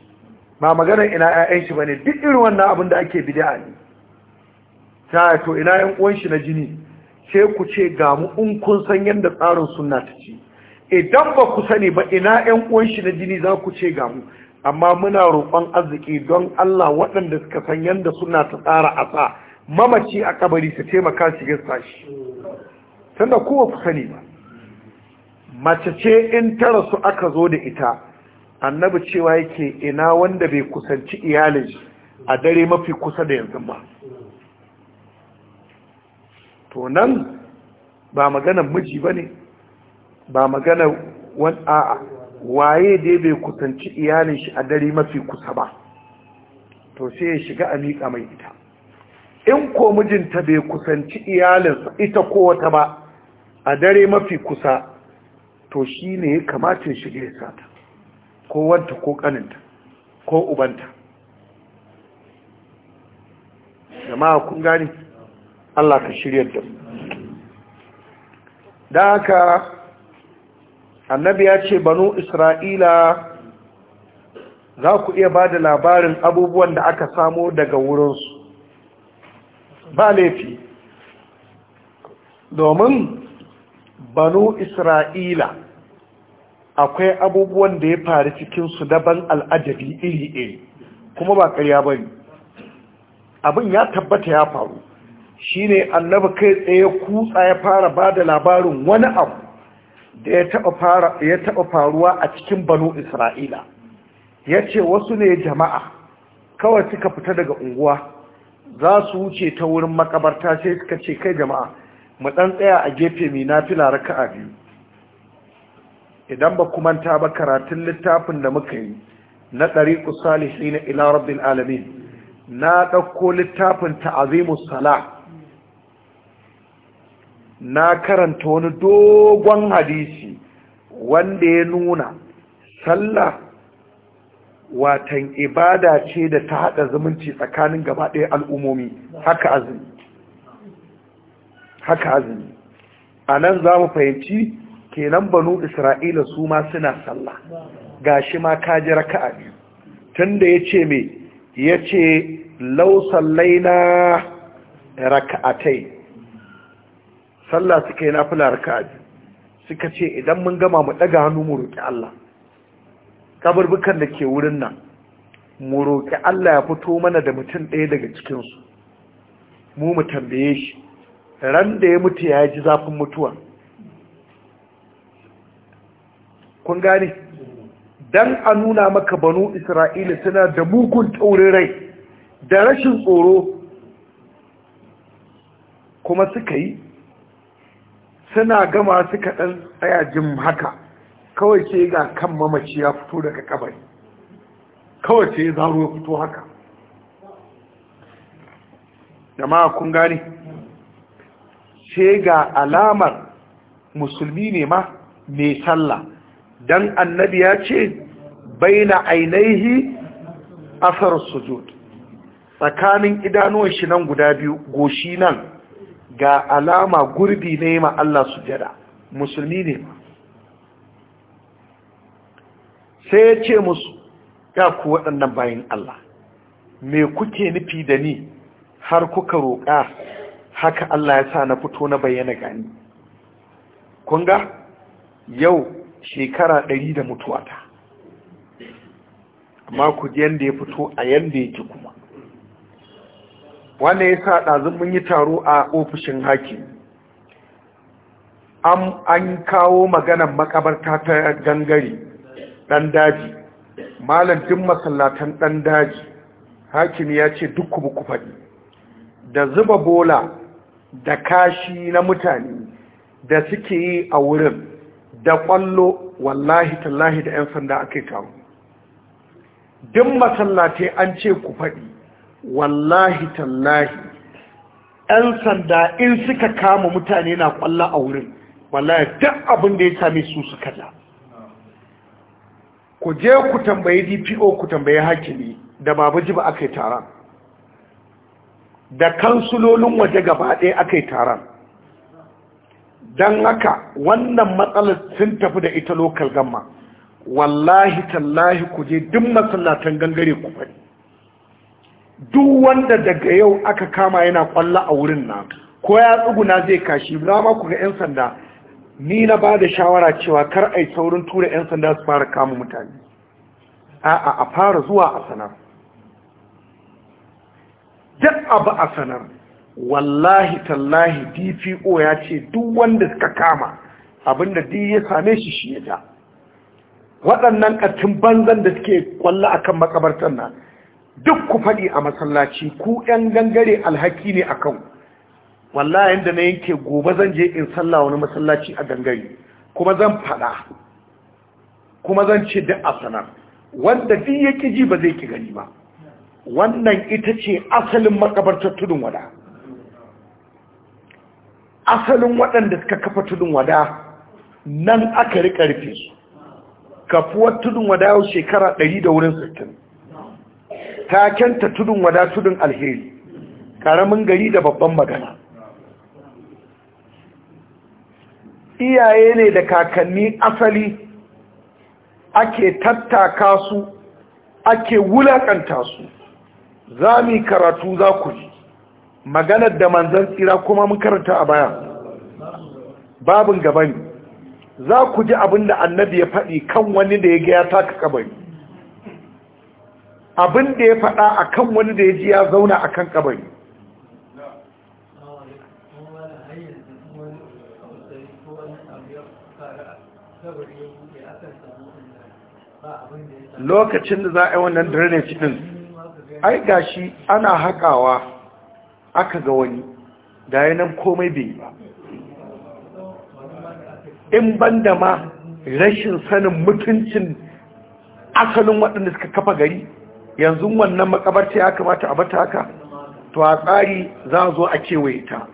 ba maganar ina 'ya'yan shi ba ne duk irin wannan abin da ake bida ne ta to ina 'yan uwan shi na jini sai ku ce ga mu in kun san yadda tsarin suna ta ci idan ba ku sani ba ina 'yan uwan shi na jini za ku ce ga mu amma muna roƙon arziki don Allah waɗanda suka san yadda suna ta tsara a sa mamaci a kabari su taimaka su gasta shi tunda kowa ku sani ba mace ce in tara su aka zo da ita annabi cewa yake ina wanda bai kusanci iyalin a dare mafi kusa da yanzu ba to nan ba maganar miji ba ne ba maganar wani a'a waye dai bai kusanci iyalin shi a dare mafi kusa ba to sai ya shiga a miƙa mai ita in ko mijinta bai kusanci iyalinsa ita ko wata ba a dare mafi kusa to shi ne ya kamata shi ya sata ko wanta ko kaninta ko ubanta jama'a kun gani Allah ka shirya da da haka annabi ya ce banu isra'ila za ku iya ba da labarin abubuwan da aka samo daga wurinsu ba laifi domin banu isra'ila akwai abubuwan da ya faru cikinsu daban al'ajabi iri-iri kuma ba karya ba ne abin ya tabbata ya faru shine annabi kai tsaye kutsa ya fara ba da labarin wani abu da ya taɓa faruwa a cikin banu isra'ila ya ce wasu ne jama'a kawai suka fita daga unguwa za su wuce ta wurin makabarta sai suka ce kai jama'a mu dan tsaya a gefe mai nafila raka'a biyu idan ba kuma ta ba karatun littafin da muka yi na ku salihi na ila rabbil alamin na ɗauko littafin ta'azimu sala na karanta wani dogon hadisi wanda ya nuna sallah watan ibada ce da ta haɗa zumunci tsakanin gaba ɗaya al'ummomi haka azumi haka azumi a nan za mu fahimci kenan banu isra'ila su ma suna sallah ga shi ma kaji a biyu tun da ya ce me ya ce lausallai na raka'atai sallah suka yi raka a biyu suka ce idan mun gama mu ɗaga hannu mu roƙi Allah kaburbukan da ke wurin nan mu roƙi Allah ya fito mana da mutum ɗaya daga cikinsu mu mu tambaye shi ran da ya mutu ya ji zafin mutuwa kun gane dan a nuna maka banu isra'ila suna da mugun taurin rai da rashin tsoro kuma suka yi suna gama suka ɗan tsaya jin haka kawai ce ga kan mamaci ya fito daga kabari kawai ce ya zaro ya fito haka jama'a kun gane ce ga alamar musulmi ne ma mai sallah don annabi ya ce na ainihi asar sujud tsakanin idanuwan shi nan guda biyu goshi nan ga alama gurbi ne ma Allah su jada. musulmi ne ma sai ya ce musu ya ku waɗannan bayan Allah me kuke nufi da ni har kuka roƙa haka Allah ya sa na fito na bayyana gani kun ga yau shekara ɗari da mutuwata amma ku ji yadda ya fito a yadda ya ji kuma wannan ya sa ɗazin mun yi taro a ofishin haki an kawo maganar makabarta ta gangare ɗan daji malam malantin masallatan ɗan daji hakimi ya ce duk kuma ku faɗi da zuba bola da kashi na mutane da suke yi a wurin da ƙwallo wallahi tallahi da 'yan sanda ake kawo duk masallatai an ce ku faɗi wallahi tallahi 'yan sanda in suka kama mutane na ƙwallo a wurin wallahi duk abin da ya same su suka da ku je ku tambayi dpo ku tambayi hakimi da babu ba aka taron da kansulolin waje gaba ɗaya aka yi taron don haka wannan matsalar sun tafi da ita lokal gama. wallahi tallahi ku je duk masallatan gangare ku duk wanda daga yau aka kama yana kwalla a wurin na ko ya tsuguna zai kashi ma ku ga 'yan sanda ni na ba da shawara cewa kar a yi saurin tura 'yan sanda su fara kama mutane a'a a fara zuwa a sanar duk abu a sanar wallahi tallahi dpo ya ce duk wanda suka kama abinda duk ya same shi shi ya ja waɗannan ƙarfin banzan da suke kwallo a kan makabartar nan duk ku faɗi a masallaci ku 'yan gangare alhaki ne a kanku wallahi da na yanke gobe zan je in sallah wani masallaci a gangare kuma zan fada kuma zan ce duk asana wanda duk ya ji ba zai ki gani ba wannan ita ce asalin makabartar tudun wada asalin waɗanda suka kafa tudun wada nan aka riƙa rufe su kafuwar tudun wada yau shekara ɗari da wurin sittin ta kenta tudun wada tudun alheri ƙaramin gari da babban magana iyaye ne da kakanni asali ake tattaka su ake wulakanta su za mu karatu za ku ji maganar da manzan tsira kuma mun karanta a baya babin gaba ne za ku ji abin da annabi ya faɗi kan wani da ya ga taka ƙabari abin da ya faɗa a kan wani da ya ji ya zauna a kan ƙabari lokacin da za a yi wannan drainage ɗin, ai gashi ana haƙawa aka ga wani da ya nan komai bai yi ba in banda ma rashin sanin mutuncin asalin waɗanda suka kafa gari yanzu wannan makabarta ya kamata a bata haka to a tsari za a zo a kewaye ta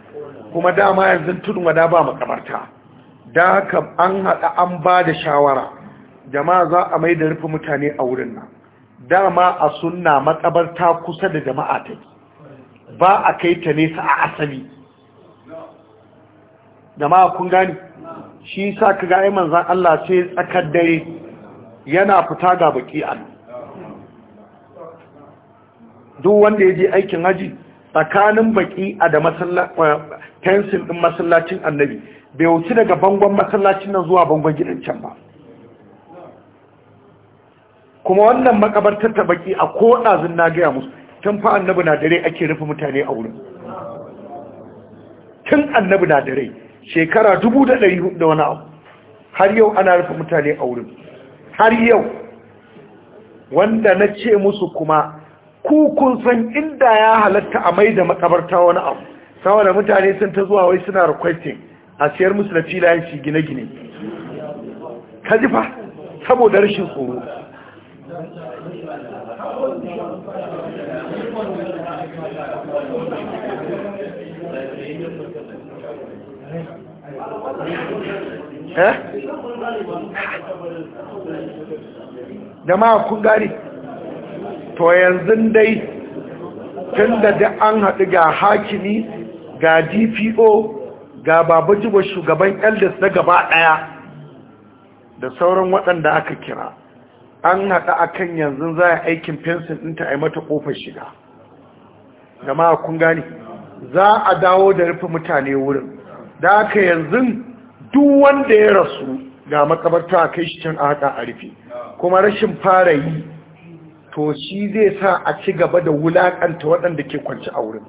kuma dama yanzu tudun wada ba makabarta da kam an haɗa an ba da shawara jama'a za a mai da rufe mutane a wurin nan dama a sunna makabarta kusa da jama'a ta ba a kai ta nesa a asali jama'a kun gani shi sa ka ga zan Allah sai tsakar dare yana fita ga baki an duk wanda ya je aikin haji tsakanin baki a da eh, fensin ɗin masallacin annabi bai wuce daga bangon masallacin nan zuwa bangon gidan can ba kuma wannan makabartar ta baki a ko ɗazin na gaya musu tun fa annabi na dare ake rufe mutane a wurin tun annabi na dare shekara dubu da ɗari hudu da wani abu har yau ana rufe mutane a wurin har yau wanda na ce musu kuma ku kun san inda ya halatta a mai da makabarta wani abu saboda mutane sun ta zuwa wai suna requesting a siyar musu da filayen gine-gine ka ji fa saboda rashin tsoro eh? ma kun gari to yanzu dai tun da an haɗu ga hakimi ga dpo ga baba jibo shugaban elders na gaba ɗaya da sauran waɗanda aka kira an haɗa akan yanzu za a aikin fensin ɗinta a yi mata ƙofar shiga jama'a kun gani za a dawo da rufe mutane wurin da aka yanzu duk wanda ya rasu ga makabarta a kai shi can a haɗa a rufe kuma rashin fara yi to shi zai sa a ci gaba da wulaƙanta waɗanda ke kwanci a wurin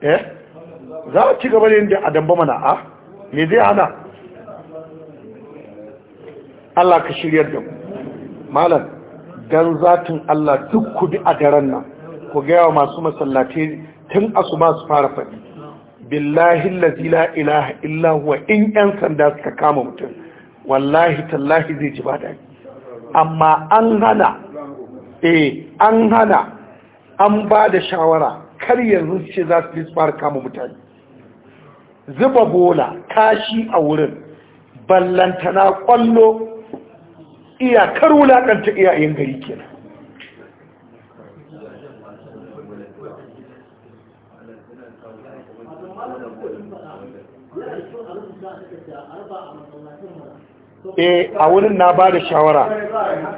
eh za a ci gaba da yin a mana a ah? me zai hana Allah ka shiryar da ku. malam don zatin Allah duk ku bi a daren nan ku gaya wa masu masallaci tun asuba su fara faɗi billahi allazi la ilaha illa huwa in yan sanda suka kama mutum wallahi tallahi zai ji yi. amma an hana eh an hana an ba da shawara kar yanzu su ce za su fara kama mutane zuba bola kashi a wurin ballantana kwallo iyakar wulaƙanta iyayen gari kenan E, a wurin na ba da shawara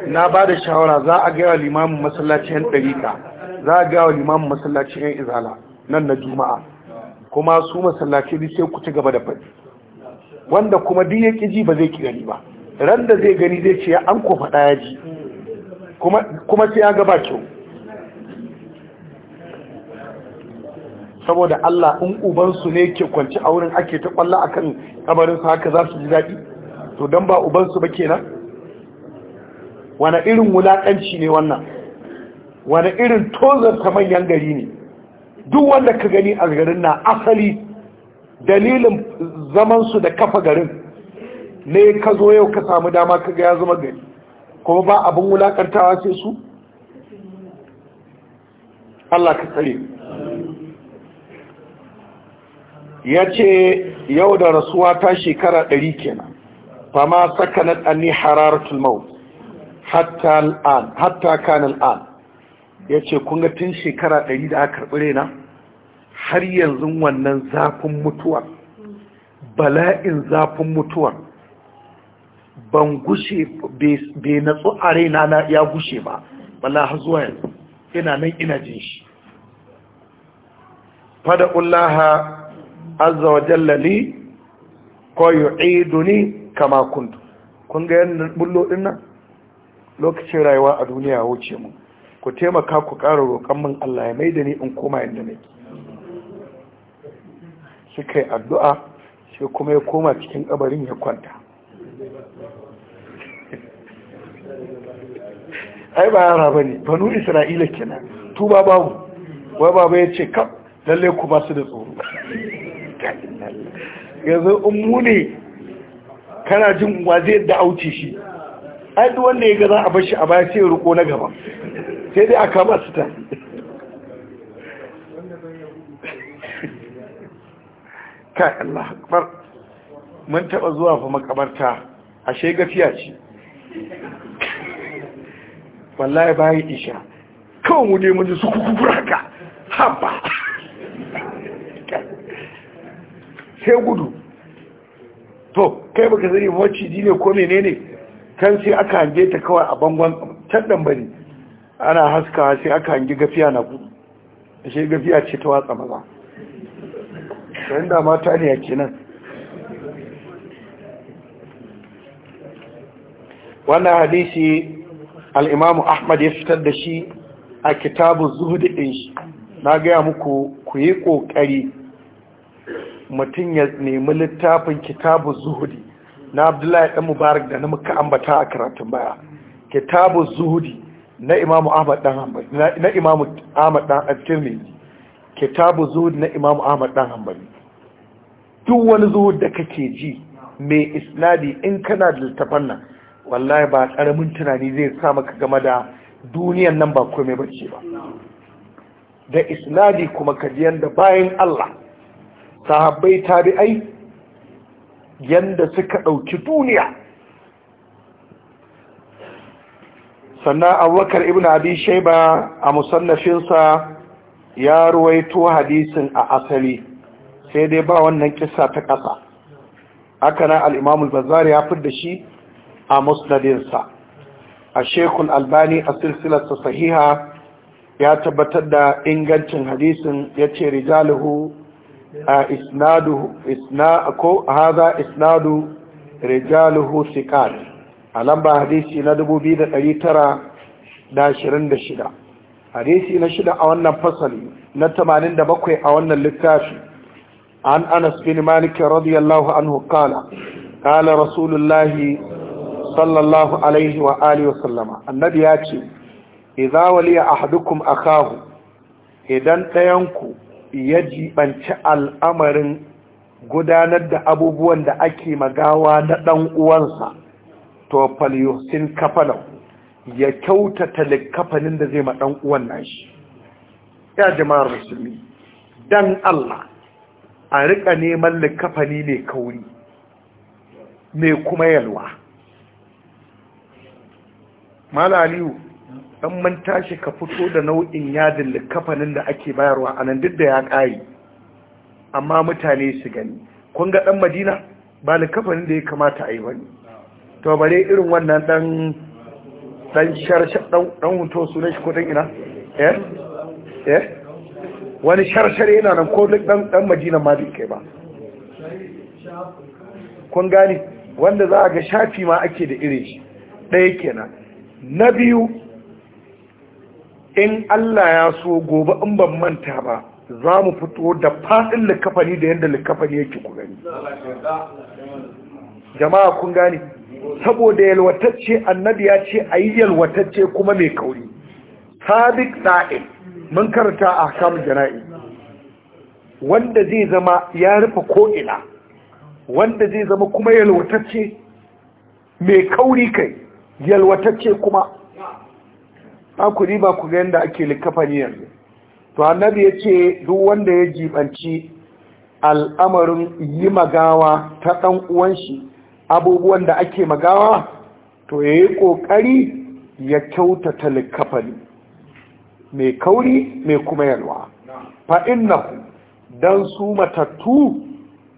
na ba da shawara za a gaya limamin masallacin ɗarika za a gawa limamin masallacin yan izala nan na juma'a kuma su masallaci da sai ku ci gaba da faɗi wanda kuma duk ya ji ba zai ki gani ba ran da zai gani zai ce an ko faɗa ya ji kuma sai ya gaba kyau saboda Allah in ubansu ne ke kwanci a wurin ake ta kwalla akan kabarinsu haka za su ji daɗi to don ba ubansu ba kenan wane irin wulaƙanci ne wannan wani irin tozarta manyan gari ne duk wanda ka gani a garin na asali dalilin zamansu da kafa garin ne ka zo yau ka samu dama ka ga ya zama gari kuma ba abin wulakantawa sai su Allah ka tsare ya ce yau da rasuwa ta shekara ɗari kenan fama ma anni hararatul maut hatta al'an hatta kanin al'an ya ce kunga tun shekara ɗari da aka karɓi rena har yanzu wannan zafin mutuwar bala'in zafin mutuwa ban gushe bai natsu a rena na ya gushe ba bala har zuwa yanzu ina nan ina jin shi fada ullaha azza wa jallali ko ne kama kundu kun ga yan bullo din nan lokacin rayuwa a duniya wuce mu ku taimaka ku ƙara roƙon min Allah ya mai da ni in koma yadda nake suka yi addu'a sai kuma ya koma cikin ƙabarin ya kwanta ai ba yara ba ne banu isra'ila kenan tuba babu wai baba ya ce kaf lalle ku ba su da tsoro yanzu in mu ne kana jin wa zai da auce shi ai duk wanda ya ga za a bar shi a baya sai ya ruko na gaba sai dai a kama su tafi kai Allah akbar mun taba zuwa fa makabarta ashe gafiya ce wallahi bayan isha kawai mu dai mun ji su kuku haka haba sai gudu to kai baka yi maciji ne ko menene kan sai aka hange ta kawai a bangon can bari ana haska sai aka hangi gafiya na gudu ashe gafiya ce ta watsa maza sayan da mata ne a kenan wannan hadisi al'imamu ahmad ya fitar da shi a kitabu zuhudu ɗin shi na gaya muku ku yi ƙoƙari mutum ya nemi littafin kitabu zuhudi na abdullahi ɗan mubarak da na muka ambata a karatun baya kitabu zuhudi na imamu ahmad dan hanbali na imamu ahmad dan at kitabu zuhud na imamu ahmad dan hanbali duk wani zuhud da kake ji mai isnadi in kana da littafan nan wallahi ba karamin tunani zai sa maka game da duniyan nan ba komai bace ba da isnadi kuma kajiyan da bayan Allah sahabbai tabi'ai yanda suka dauki duniya sannan abubakar ibn abi shaiba a musallafinsa ya ruwaito hadisin a asali sai dai ba wannan kisa ta ƙasa haka na al'imamul bazar ya da shi a musnadinsa a shekul albani a silsilarsa sahiha ya tabbatar da ingancin hadisin ya ce rijaluhu a isnadu ko haza isnadu rijaluhu sikari a lamba hadisi na 2926 hadisi na shida a wannan fasali na 87 a wannan littafi an anas bin malik radiyallahu anhu kala kala rasulullahi sallallahu alaihi wa alihi wasallama annabi ya ce idza waliya ahadukum akahu idan ɗayanku ya jibanci al'amarin gudanar da abubuwan da ake magawa na ɗan uwansa to falyuhsin kafalau ya kyautata likafanin da zai ma dan uwan nashi ya jama'ar musulmi dan Allah a rika neman likafani mai kauri mai kuma yalwa mala aliyu dan man tashi ka fito da nau'in yadin likafanin da ake bayarwa a nan duk da ya ƙari amma mutane su gani kun ga dan madina ba likafanin da ya kamata a yi ne. to bare irin wannan dan dan sharshar dan huto sunan shi ko dan ina eh eh wani sharshar yana nan ko dan dan madina ma bai kai ba kun gani wanda za a ga shafi ma ake da irin shi ɗaya kenan na biyu in Allah ya so gobe in ban manta ba za mu fito da faɗin likafani da yadda likafani yake ku gani jama'a kun gani saboda yalwatacce annabi ya ce a yi yalwatacce kuma mai kauri sabik sa'il mun karanta a kam jana'i wanda zai zama ya rufe ko'ina wanda zai zama kuma yalwatacce mai kauri kai yalwatacce kuma ba ku ba ku ga yadda ake likafani yanzu to annabi ya ce duk wanda ya jibanci al'amarin yi magawa ta ɗan'uwanshi. abubuwan da ake magawa to ya yi ƙoƙari ya kyautata likafani mai kauri mai kuma yalwa fa'in na don su matattu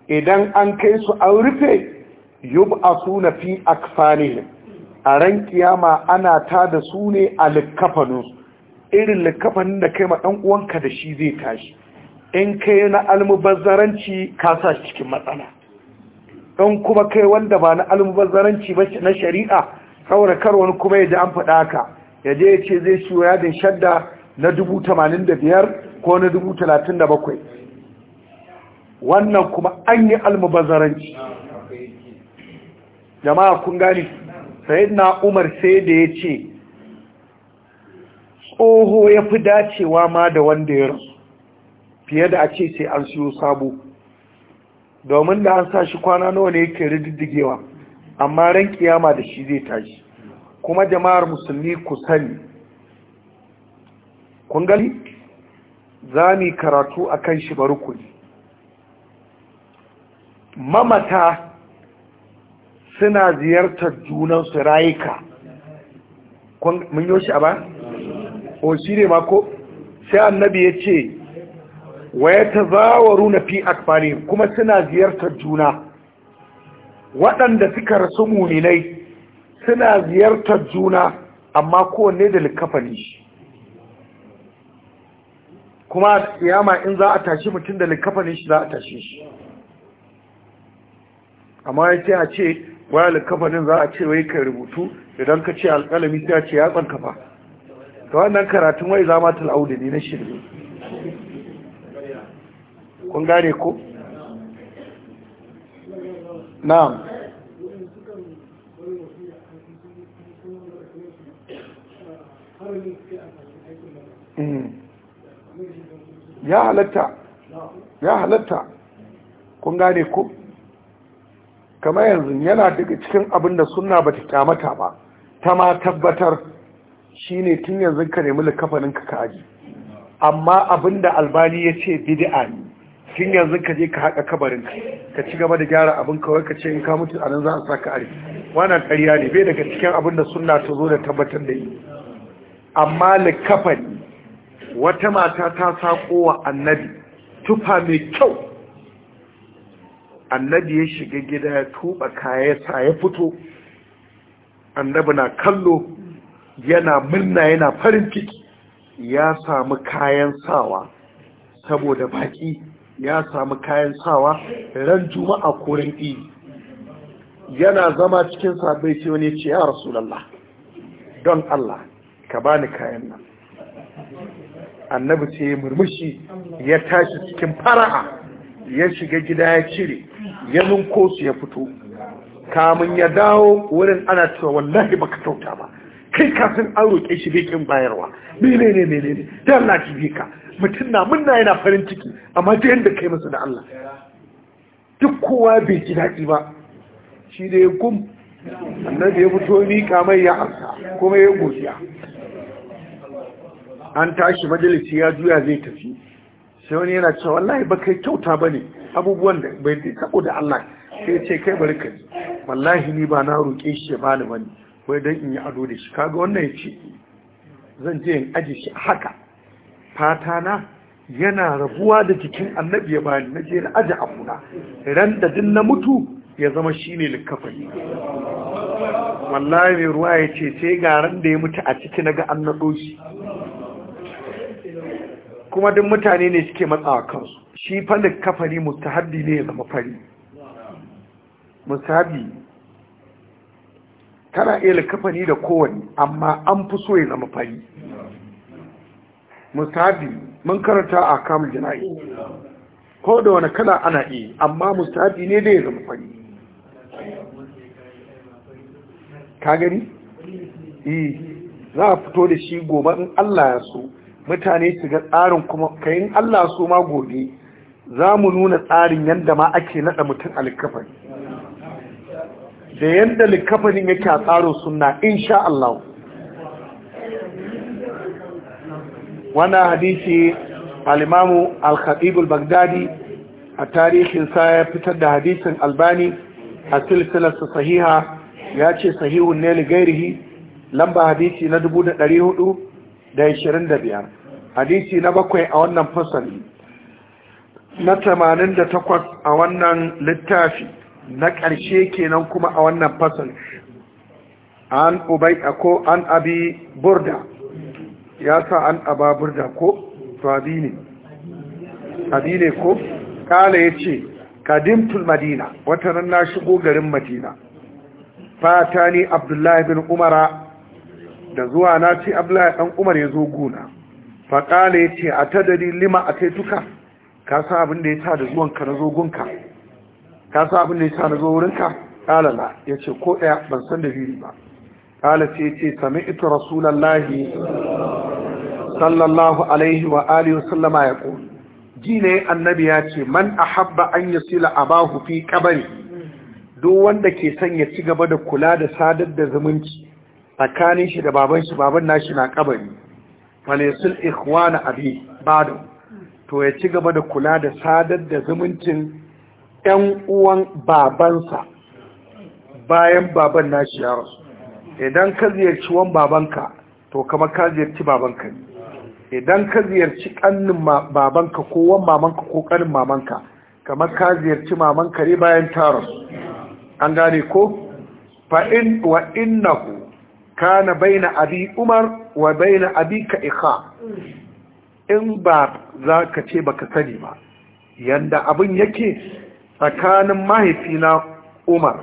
idan an kai su an rufe yub a suna fi aksanihim a ran kiyama ana ta da su ne a likafaninsu irin likafanin da kai maɗan uwanka da shi zai tashi in kai na almubazzaranci kasa cikin matsala Don kuma kai wanda ba na almubazzaranci ba na shari'a saboda kar wani kuma ya ji an faɗa haka ya je ya ce zai siyo yadin shadda na dubu biyar ko na dubu wannan kuma an yi almubazzaranci jama'a kun gani sai na umar sai da ya ce tsoho ya fi dacewa ma da wanda ya rasu fiye da a ce sai an siyo sabo domin da an sa shi kwana nawa ne yake rididdigewa amma ran kiyama da shi zai tashi kuma jama'ar musulmi ku sani kun gani za mu karatu a kan shi barukuni mamata suna ziyartar junansu rayuka mun yi shi a ba? o shi ne mako sai annabi ya ce wa runa fi akfarihim kuma suna ziyartar juna waɗanda suka rasu muminai suna ziyartar juna amma kowanne da likafani shi kuma yama in za a tashi mutum da likafani shi za a tashi shi amma ya ce a ce waya likafanin za a ce wai ka rubutu idan ka ce alƙalami ta ce ya tsankafa ta wannan karatun wai zama tal'audu ne na shirin kun gane ko na'am mm. ya halatta ya halatta kun gane ko kama yanzu yana daga cikin abin da suna ba ta kyamata ba ta ma tabbatar shi ne tun yanzu ka nemi likafaninka ka aji amma abin da albani ya ce bidi'a ne tun yanzu ka je ka haƙa kabarin ka ci gaba da gyara abin kawai ka ce in ka mutu a nan za a sa ka ari wannan ƙarya ne bai daga cikin abin da sunna ta zo da tabbatar da yi amma likafani wata mata ta saƙo wa annabi tufa mai kyau annabi ya shiga gida ya tuba kayansa ya fito annabi na kallo yana murna yana farin ciki ya samu kayan sawa saboda baƙi ya samu kayan sawa ran juma'a ko ran idi yana zama cikin sabai ce wani ce ya rasulallah don Allah ka bani kayan nan annabi ce murmushi ya tashi cikin fara'a ya shiga gida ya cire ya ninko su ya fito kamun ya dawo wurin ana cewa wallahi baka tauta ba kai kafin an roƙe shi bikin bayarwa menene menene dan na ki mutum na munna yana farin ciki amma ta yadda kai masa da Allah duk kowa bai ji daɗi ba shi da ya gum da ya fito ni kamar ya amsa kuma ya godiya an tashi majalisi ya juya zai tafi sai wani yana cewa wallahi ba kai kyauta ba ne abubuwan da bai dai da Allah sai ce kai bari ka wallahi ni ba na roƙe shi ya bani ne, wai don in yi ado da shi kaga wannan ya ce zan je in aji shi haka fata na yana rabuwa da jikin annabi ya bani na je na aje abuna ran da din na mutu ya zama shine likafani wallahi mai ruwa ya ce sai ga ran da ya mutu a ciki naga an nado shi kuma duk mutane ne suke matsawa kansu shi fa likafani mustahabi ne ya zama fari mustahabi tana iya likafani da kowanne amma an fi so ya zama fari mustahabi mun karanta a kamun jana'i ko da wani kala ana yi amma mustahabi ne da ya zama fari ka gani? yi eh, za a fito da shi gobe in Allah ya so mutane su ga tsarin kuma kayan Allah so ma gobe za mu nuna tsarin yadda ma ake naɗa mutum a da yadda likafanin yake a tsaro suna insha Allah wannan hadisi Alimamu imamu al-khatib al a tarihin sa ya fitar da hadisin albani a silsilar sahiha ya ce sahihun ne li lamba hadisi na 425 hadisi na bakwai a wannan fasali na 88 a wannan littafi na ƙarshe kenan kuma a wannan fasali an ubai ko an abi burda ya sa an ababur da ko sabi ne sabi ne ko kala ya ce kadimtul madina wata nan na shigo garin madina fata ne abdullahi bin umara da zuwa na ce abdullahi dan umar ya zo guna faƙala ya ce a ta dari lima a taituka ka sa abin da ya sa da zuwanka na zogunka ka sa abin da ya sa na zo wurinka ƙalala ya ce ko ɗaya ban san da biri ba قال سيتي سمعت رسول الله صلى الله عليه وآله وسلم يقول جيني النبي ياتي من أحب أن يصل أباه في كبري duk wanda ke son ya ci gaba da kula da sadar da zumunci tsakanin shi da baban shi baban nashi na kabari falisul ikhwana abi bado to ya ci gaba da kula da sadar da zumuncin ƴan uwan babansa bayan baban nashi ya rasu idan ka ziyarci wan babanka to kama ka ziyarci babanka idan ka ziyarci kannin babanka ko wan mamanka ko kanin mamanka kama ka ziyarci mamanka ne bayan taron an gane ko fa in wa innahu kana baina abi umar wa baina abika ikha in ba za ka ce baka sani ba yanda abin yake tsakanin mahaifina umar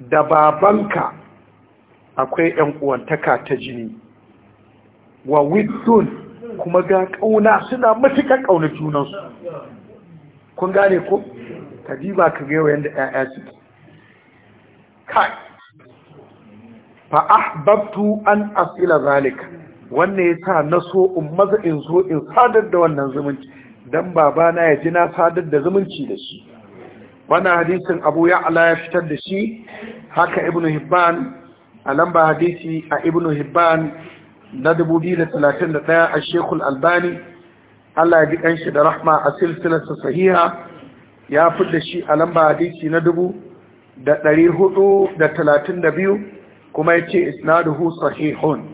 da babanka akwai ‘yan uwantaka ta jini wa widdun kuma ga ƙauna suna matuƙar ƙauna junansu kun gane ko ka diba ka gaiwa yadda ‘ya'ya suke kai fa'ahbabtu an asila zalika wannan ya sa na so in maza in so in sadar da wannan zumunci don babana ya ji na sadar da zumunci da shi wannan hadisin abu ya ala ya fitar da shi haka Ibn hibban a lamba hadisi a ibnu hibban na 2031 a shekul albani allah ya ji kanshi da rahma a silsilarsa sahiha ya da shi a lamba hadisi na dubu da ɗari hudu da talatin da biyu kuma ya ce isnaduhu sahihun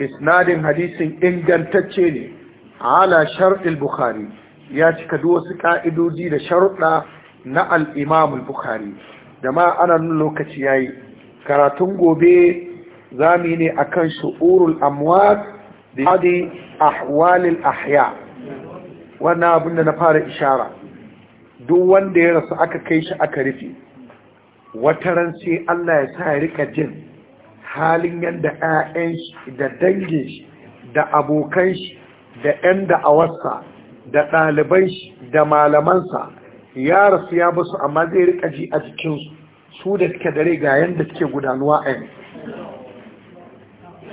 isnadin hadisin ingantacce ne ala shar'il bukhari ya cika duk wasu ka'idoji da sharuɗa na al'imamul bukhari jama'a ana nuna lokaci ya yi. karatun gobe za mu yi ne a kan shu'urul amwat da hadi ahwalil ahya wannan abin da na fara ishara duk wanda ya rasu aka kai shi aka rufe wataran sai Allah ya sa ya rika jin halin yadda 'ya'yan shi da dangin shi da abokan shi da 'yan da'awarsa da ɗaliban shi da malamansa ya rasu ya basu amma zai rika ji a jikinsu su da suke dare ga yadda suke gudanuwa a yanzu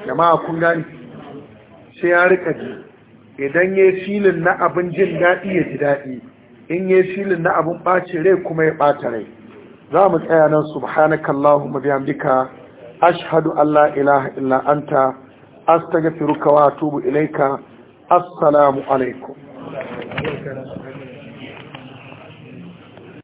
jama'a kun gani sai ya rika ji idan ya filin na abin jin daɗi ya ji daɗi in ya filin na abin ɓace rai kuma ya ɓata rai za mu tsaya nan subhanakallahumma bihamdika ashhadu Allah la ilaha illa anta astaghfiruka wa atubu ilaika assalamu alaikum